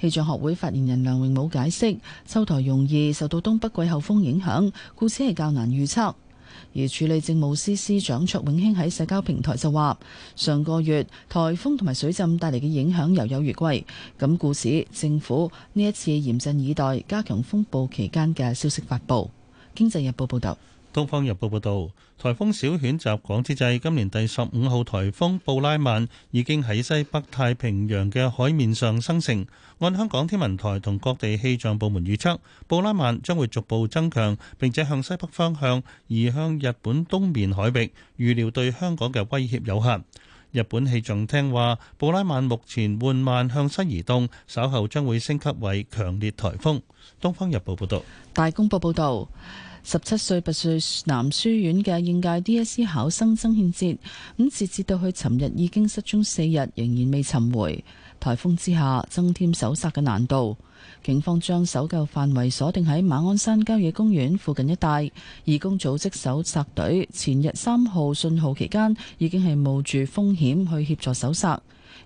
氣象學會發言人梁榮武解釋，秋台容易受到東北季候風影響，故此係較難預測。而處理政務司司長卓永興喺社交平台就話，上個月台風同埋水浸帶嚟嘅影響猶有餘悸，咁故此政府呢一次嚴陣以待，加強風暴期間嘅消息發布。經濟日報報道。《東方日報》報導，颱風小犬襲港之際，今年第十五號颱風布拉曼已經喺西北太平洋嘅海面上生成。按香港天文台同各地氣象部門預測，布拉曼將會逐步增強，並且向西北方向移向日本東面海域，預料對香港嘅威脅有限。日本氣象廳話，布拉曼目前緩慢向西移動，稍後將會升級為強烈颱風。《東方日報》報導，《大公報》報導。十七歲拔萃男書院嘅應屆 DSE 考生曾憲哲，咁截至到去尋日已經失蹤四日，仍然未尋回。颱風之下，增添搜查嘅難度。警方將搜救範圍鎖定喺馬鞍山郊野公園附近一帶。義工組織搜查隊前日三號信號期間，已經係冒住風險去協助搜查。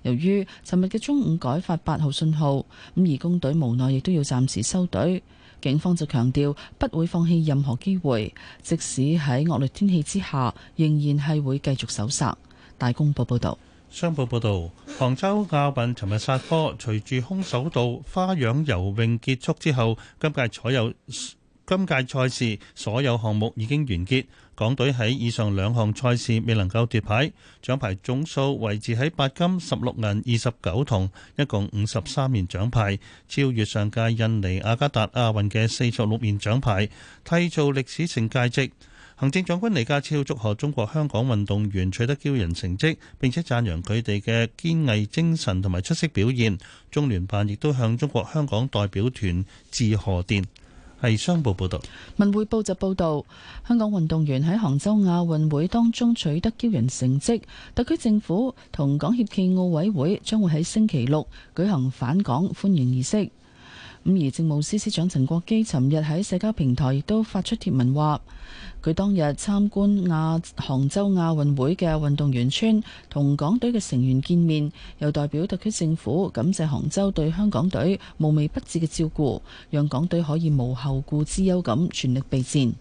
由於尋日嘅中午改發八號信號，咁義工隊無奈亦都要暫時收隊。警方就強調不會放棄任何機會，即使喺惡劣天氣之下，仍然係會繼續搜殺。大公報報道：「商報報道，杭州亞運尋日煞科，隨住空手道、花樣游泳結束之後，今屆所有今屆賽事所有項目已經完結。港隊喺以上兩項賽事未能夠奪牌，獎牌總數維持喺八金、十六銀、二十九銅，一共五十三面獎牌，超越上屆印尼阿加達亞運嘅四十六面獎牌，締造歷史性佳績。行政長官李家超祝賀中國香港運動員取得驕人成績，並且讚揚佢哋嘅堅毅精神同埋出色表現。中聯辦亦都向中國香港代表團致賀電。係商報報道，文匯報就報道，香港運動員喺杭州亞運會當中取得驕人成績，特區政府同港協暨奧委會將會喺星期六舉行返港歡迎儀式。咁而政務司司長陳國基尋日喺社交平台亦都發出帖文話，佢當日參觀亞杭州亞運會嘅運動員村，同港隊嘅成員見面，又代表特區政府感謝杭州對香港隊無微不至嘅照顧，讓港隊可以無後顧之憂咁全力備戰。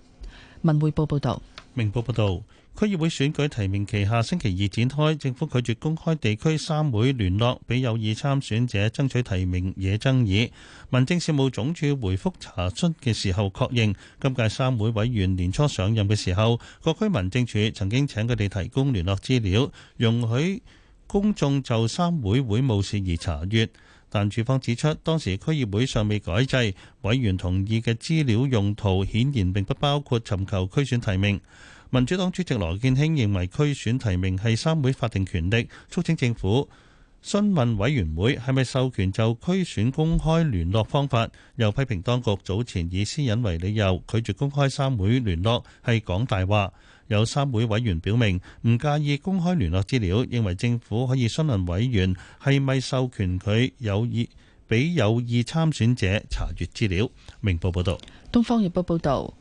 文匯報報道，明報報道。區議會選舉提名期下星期二展開，政府拒絕公開地區三會聯絡，俾有意參選者爭取提名惹爭議。民政事務總署回覆查詢嘅時候確認，今屆三會委員年初上任嘅時候，各區民政處曾經請佢哋提供聯絡資料，容許公眾就三會會務事宜查閲。但署方指出，當時區議會尚未改制，委員同意嘅資料用途顯然並不包括尋求區選提名。民主黨主席羅建興認為區選提名係三會法定權力，促請政府詢問委員會係咪授權就區選公開聯絡方法。又批評當局早前以私隱為理由拒絕公開三會聯絡，係講大話，有三會委員表明唔介意公開聯絡資料，認為政府可以詢問委員係咪授權佢有意俾有意參選者查閲資料。明報報道，東方日報報道。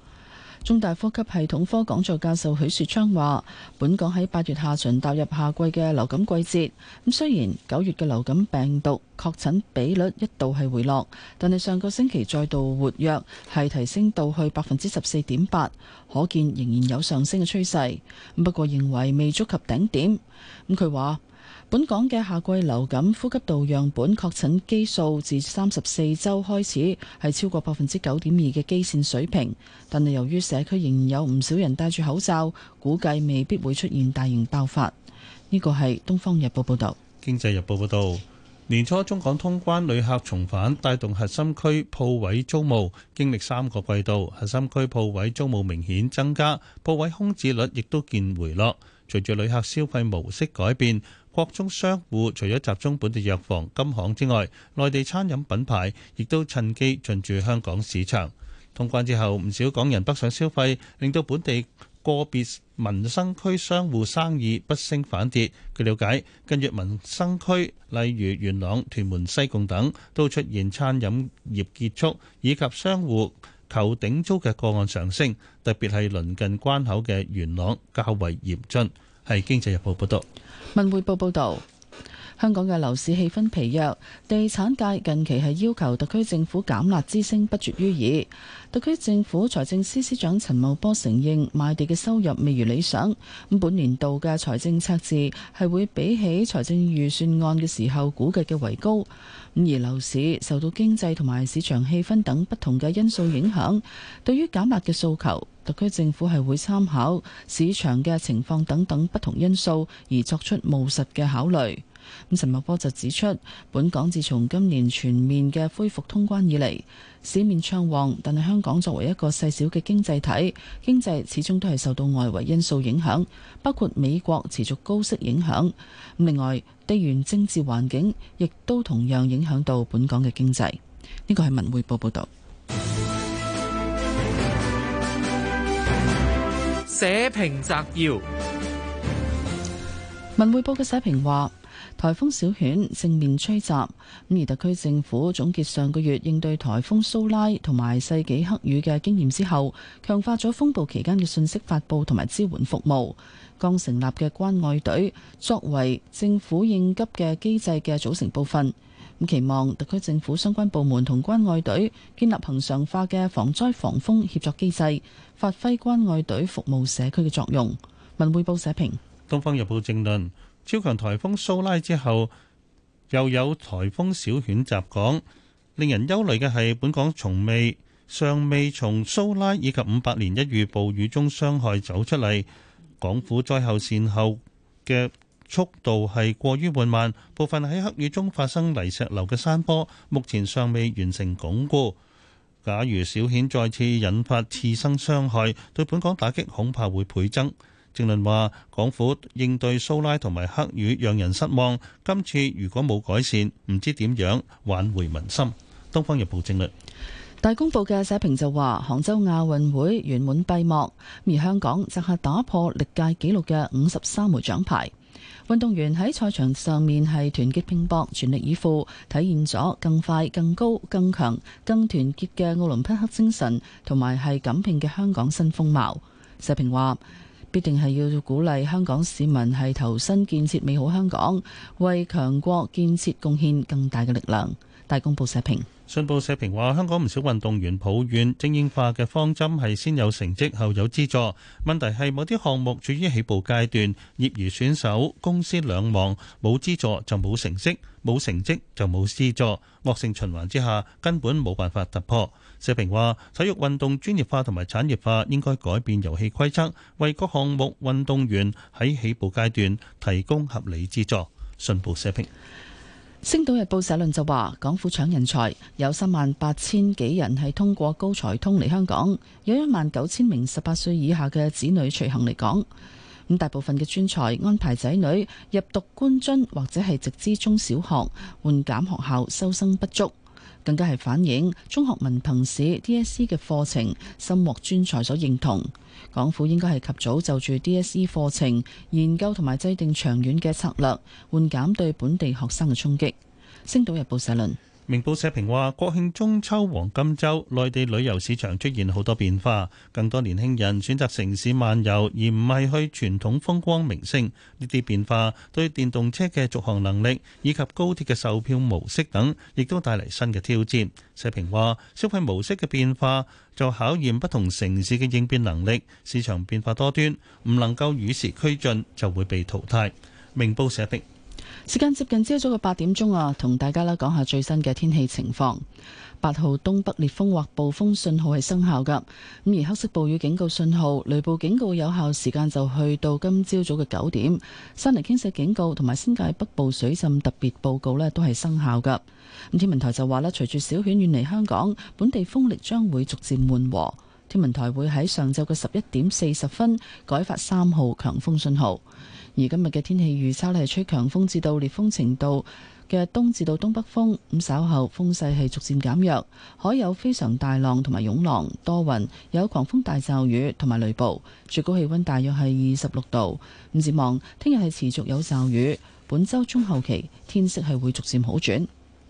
中大呼吸系統科講座教授許樹昌話：本港喺八月下旬踏入夏季嘅流感季節，咁雖然九月嘅流感病毒確診比率一度係回落，但係上個星期再度活躍，係提升到去百分之十四點八，可見仍然有上升嘅趨勢。不過認為未觸及頂點。咁佢話。本港嘅夏季流感呼吸道樣本確診基數自三十四周開始係超過百分之九點二嘅基線水平，但係由於社區仍然有唔少人戴住口罩，估計未必會出現大型爆發。呢個係《東方日報》報道，《經濟日報》報道年初中港通關旅客重返，帶動核心區鋪位租務經歷三個季度，核心區鋪位租務明顯增加，鋪位空置率亦都見回落。隨住旅客消費模式改變。國中商戶除咗集中本地藥房、金行之外，內地餐飲品牌亦都趁機進駐香港市場。通關之後，唔少港人北上消費，令到本地個別民生區商戶生意不升反跌。據瞭解，近日民生區例如元朗、屯門、西貢等都出現餐飲業結束以及商戶求頂租嘅個案上升，特別係鄰近關口嘅元朗較為嚴峻。係《經濟日報》報道。文匯報報道。香港嘅樓市氣氛疲弱，地產界近期係要求特區政府減辣之聲不絕於耳。特區政府財政司司長陳茂波承認賣地嘅收入未如理想。咁本年度嘅財政赤字係會比起財政預算案嘅時候估計嘅為高。咁而樓市受到經濟同埋市場氣氛等不同嘅因素影響，對於減辣嘅訴求，特區政府係會參考市場嘅情況等等不同因素而作出務實嘅考慮。咁陳茂波就指出，本港自從今年全面嘅恢復通關以嚟，市面暢旺，但係香港作為一個細小嘅經濟體，經濟始終都係受到外圍因素影響，包括美國持續高息影響。另外，地緣政治環境亦都同樣影響到本港嘅經濟。呢個係文匯報報道。社評摘要，文匯報嘅社評話。颱風小犬正面吹襲，咁而特區政府總結上個月應對颱風蘇拉同埋世紀黑雨嘅經驗之後，強化咗風暴期間嘅信息發布同埋支援服務。剛成立嘅關愛隊作為政府應急嘅機制嘅組成部分，咁期望特區政府相關部門同關愛隊建立恆常化嘅防災防風協作機制，發揮關愛隊服務社區嘅作用。文匯報社評，《東方日報》政論。超強颱風蘇拉之後，又有颱風小犬襲港，令人憂慮嘅係本港從未尚未從蘇拉以及五百年一遇暴雨中傷害走出嚟，港府災後善後嘅速度係過於緩慢。部分喺黑雨中發生泥石流嘅山坡，目前尚未完成鞏固。假如小犬再次引發次生傷害，對本港打擊恐怕會倍增。政論話，港府應對蘇拉同埋黑雨讓人失望。今次如果冇改善，唔知點樣挽回民心。東方日報政論大公報嘅社評就話，杭州亞運會圓滿閉幕，而香港則係打破歷屆紀錄嘅五十三枚獎牌。運動員喺賽場上面係團結拼搏、全力以赴，體現咗更快、更高、更強、更團結嘅奧林匹克精神，同埋係敢拼嘅香港新風貌。社評話。必定係要鼓勵香港市民係投身建設美好香港，為強國建設貢獻更大嘅力量。大公報社評，信報社評話，香港唔少運動員抱怨精英化嘅方針係先有成績後有資助，問題係某啲項目處於起步階段，業餘選手公私兩忙，冇資助就冇成績，冇成績就冇資助，惡性循環之下根本冇辦法突破。社評話：體育運動專業化同埋產業化應該改變遊戲規則，為各項目運動員喺起步階段提供合理資助。信報社評，《星島日報》社論就話：港府搶人才，有三萬八千幾人係通過高才通嚟香港，有一萬九千名十八歲以下嘅子女隨行嚟港。咁大部分嘅專才安排仔女入讀官津或者係直資中小學，緩減學校收生不足。更加係反映中學文憑試 DSE 嘅課程深獲專才所認同，港府應該係及早就住 DSE 課程研究同埋制定長遠嘅策略，緩減對本地學生嘅衝擊。星島日報社論。明報社評話，國慶中秋黃金周，內地旅遊市場出現好多變化，更多年輕人選擇城市漫遊，而唔係去傳統風光名勝。呢啲變化對電動車嘅續航能力以及高鐵嘅售票模式等，亦都帶嚟新嘅挑戰。社評話，消費模式嘅變化就考驗不同城市嘅應變能力。市場變化多端，唔能夠與時俱進，就會被淘汰。明報社評。時間接近朝早嘅八點鐘啊，同大家啦講下最新嘅天氣情況。八號東北烈風或暴風信號係生效噶，咁而黑色暴雨警告信號、雷暴警告有效時間就去到今朝早嘅九點。山泥傾瀉警告同埋新界北部水浸特別報告呢都係生效噶。咁天文台就話呢，隨住小犬遠離香港，本地風力將會逐漸緩和。天文台會喺上晝嘅十一點四十分改發三號強風信號。而今日嘅天氣預測呢，係吹強風至到烈風程度嘅東至到東北風，咁稍後風勢係逐漸減弱，海有非常大浪同埋湧浪，多雲，有狂風大驟雨同埋雷暴，最高氣溫大約係二十六度。咁展望聽日係持續有驟雨，本周中後期天色係會逐漸好轉。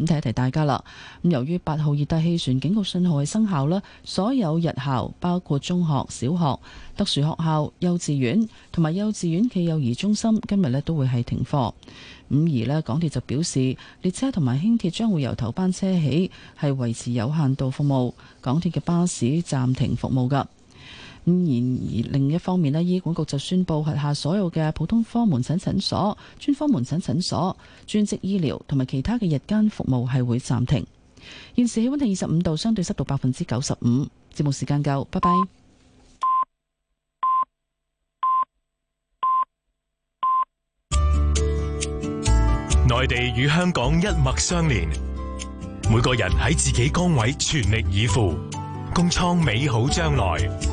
提一提大家啦。咁由於八號熱帶氣旋警告信號係生效啦，所有日校包括中學、小學、特殊學校、幼稚園同埋幼稚園嘅幼兒中心，今日呢都會係停課。咁而呢港鐵就表示，列車同埋輕鐵將會由頭班車起係維持有限度服務，港鐵嘅巴士暫停服務噶。然而另一方面咧，醫管局就宣布轄下所有嘅普通科門診診所、專科門診診所、專職醫療同埋其他嘅日間服務係會暫停。現時氣溫係二十五度，相對濕度百分之九十五。節目時間夠，拜拜。內地與香港一脈相連，每個人喺自己崗位全力以赴，共創美好將來。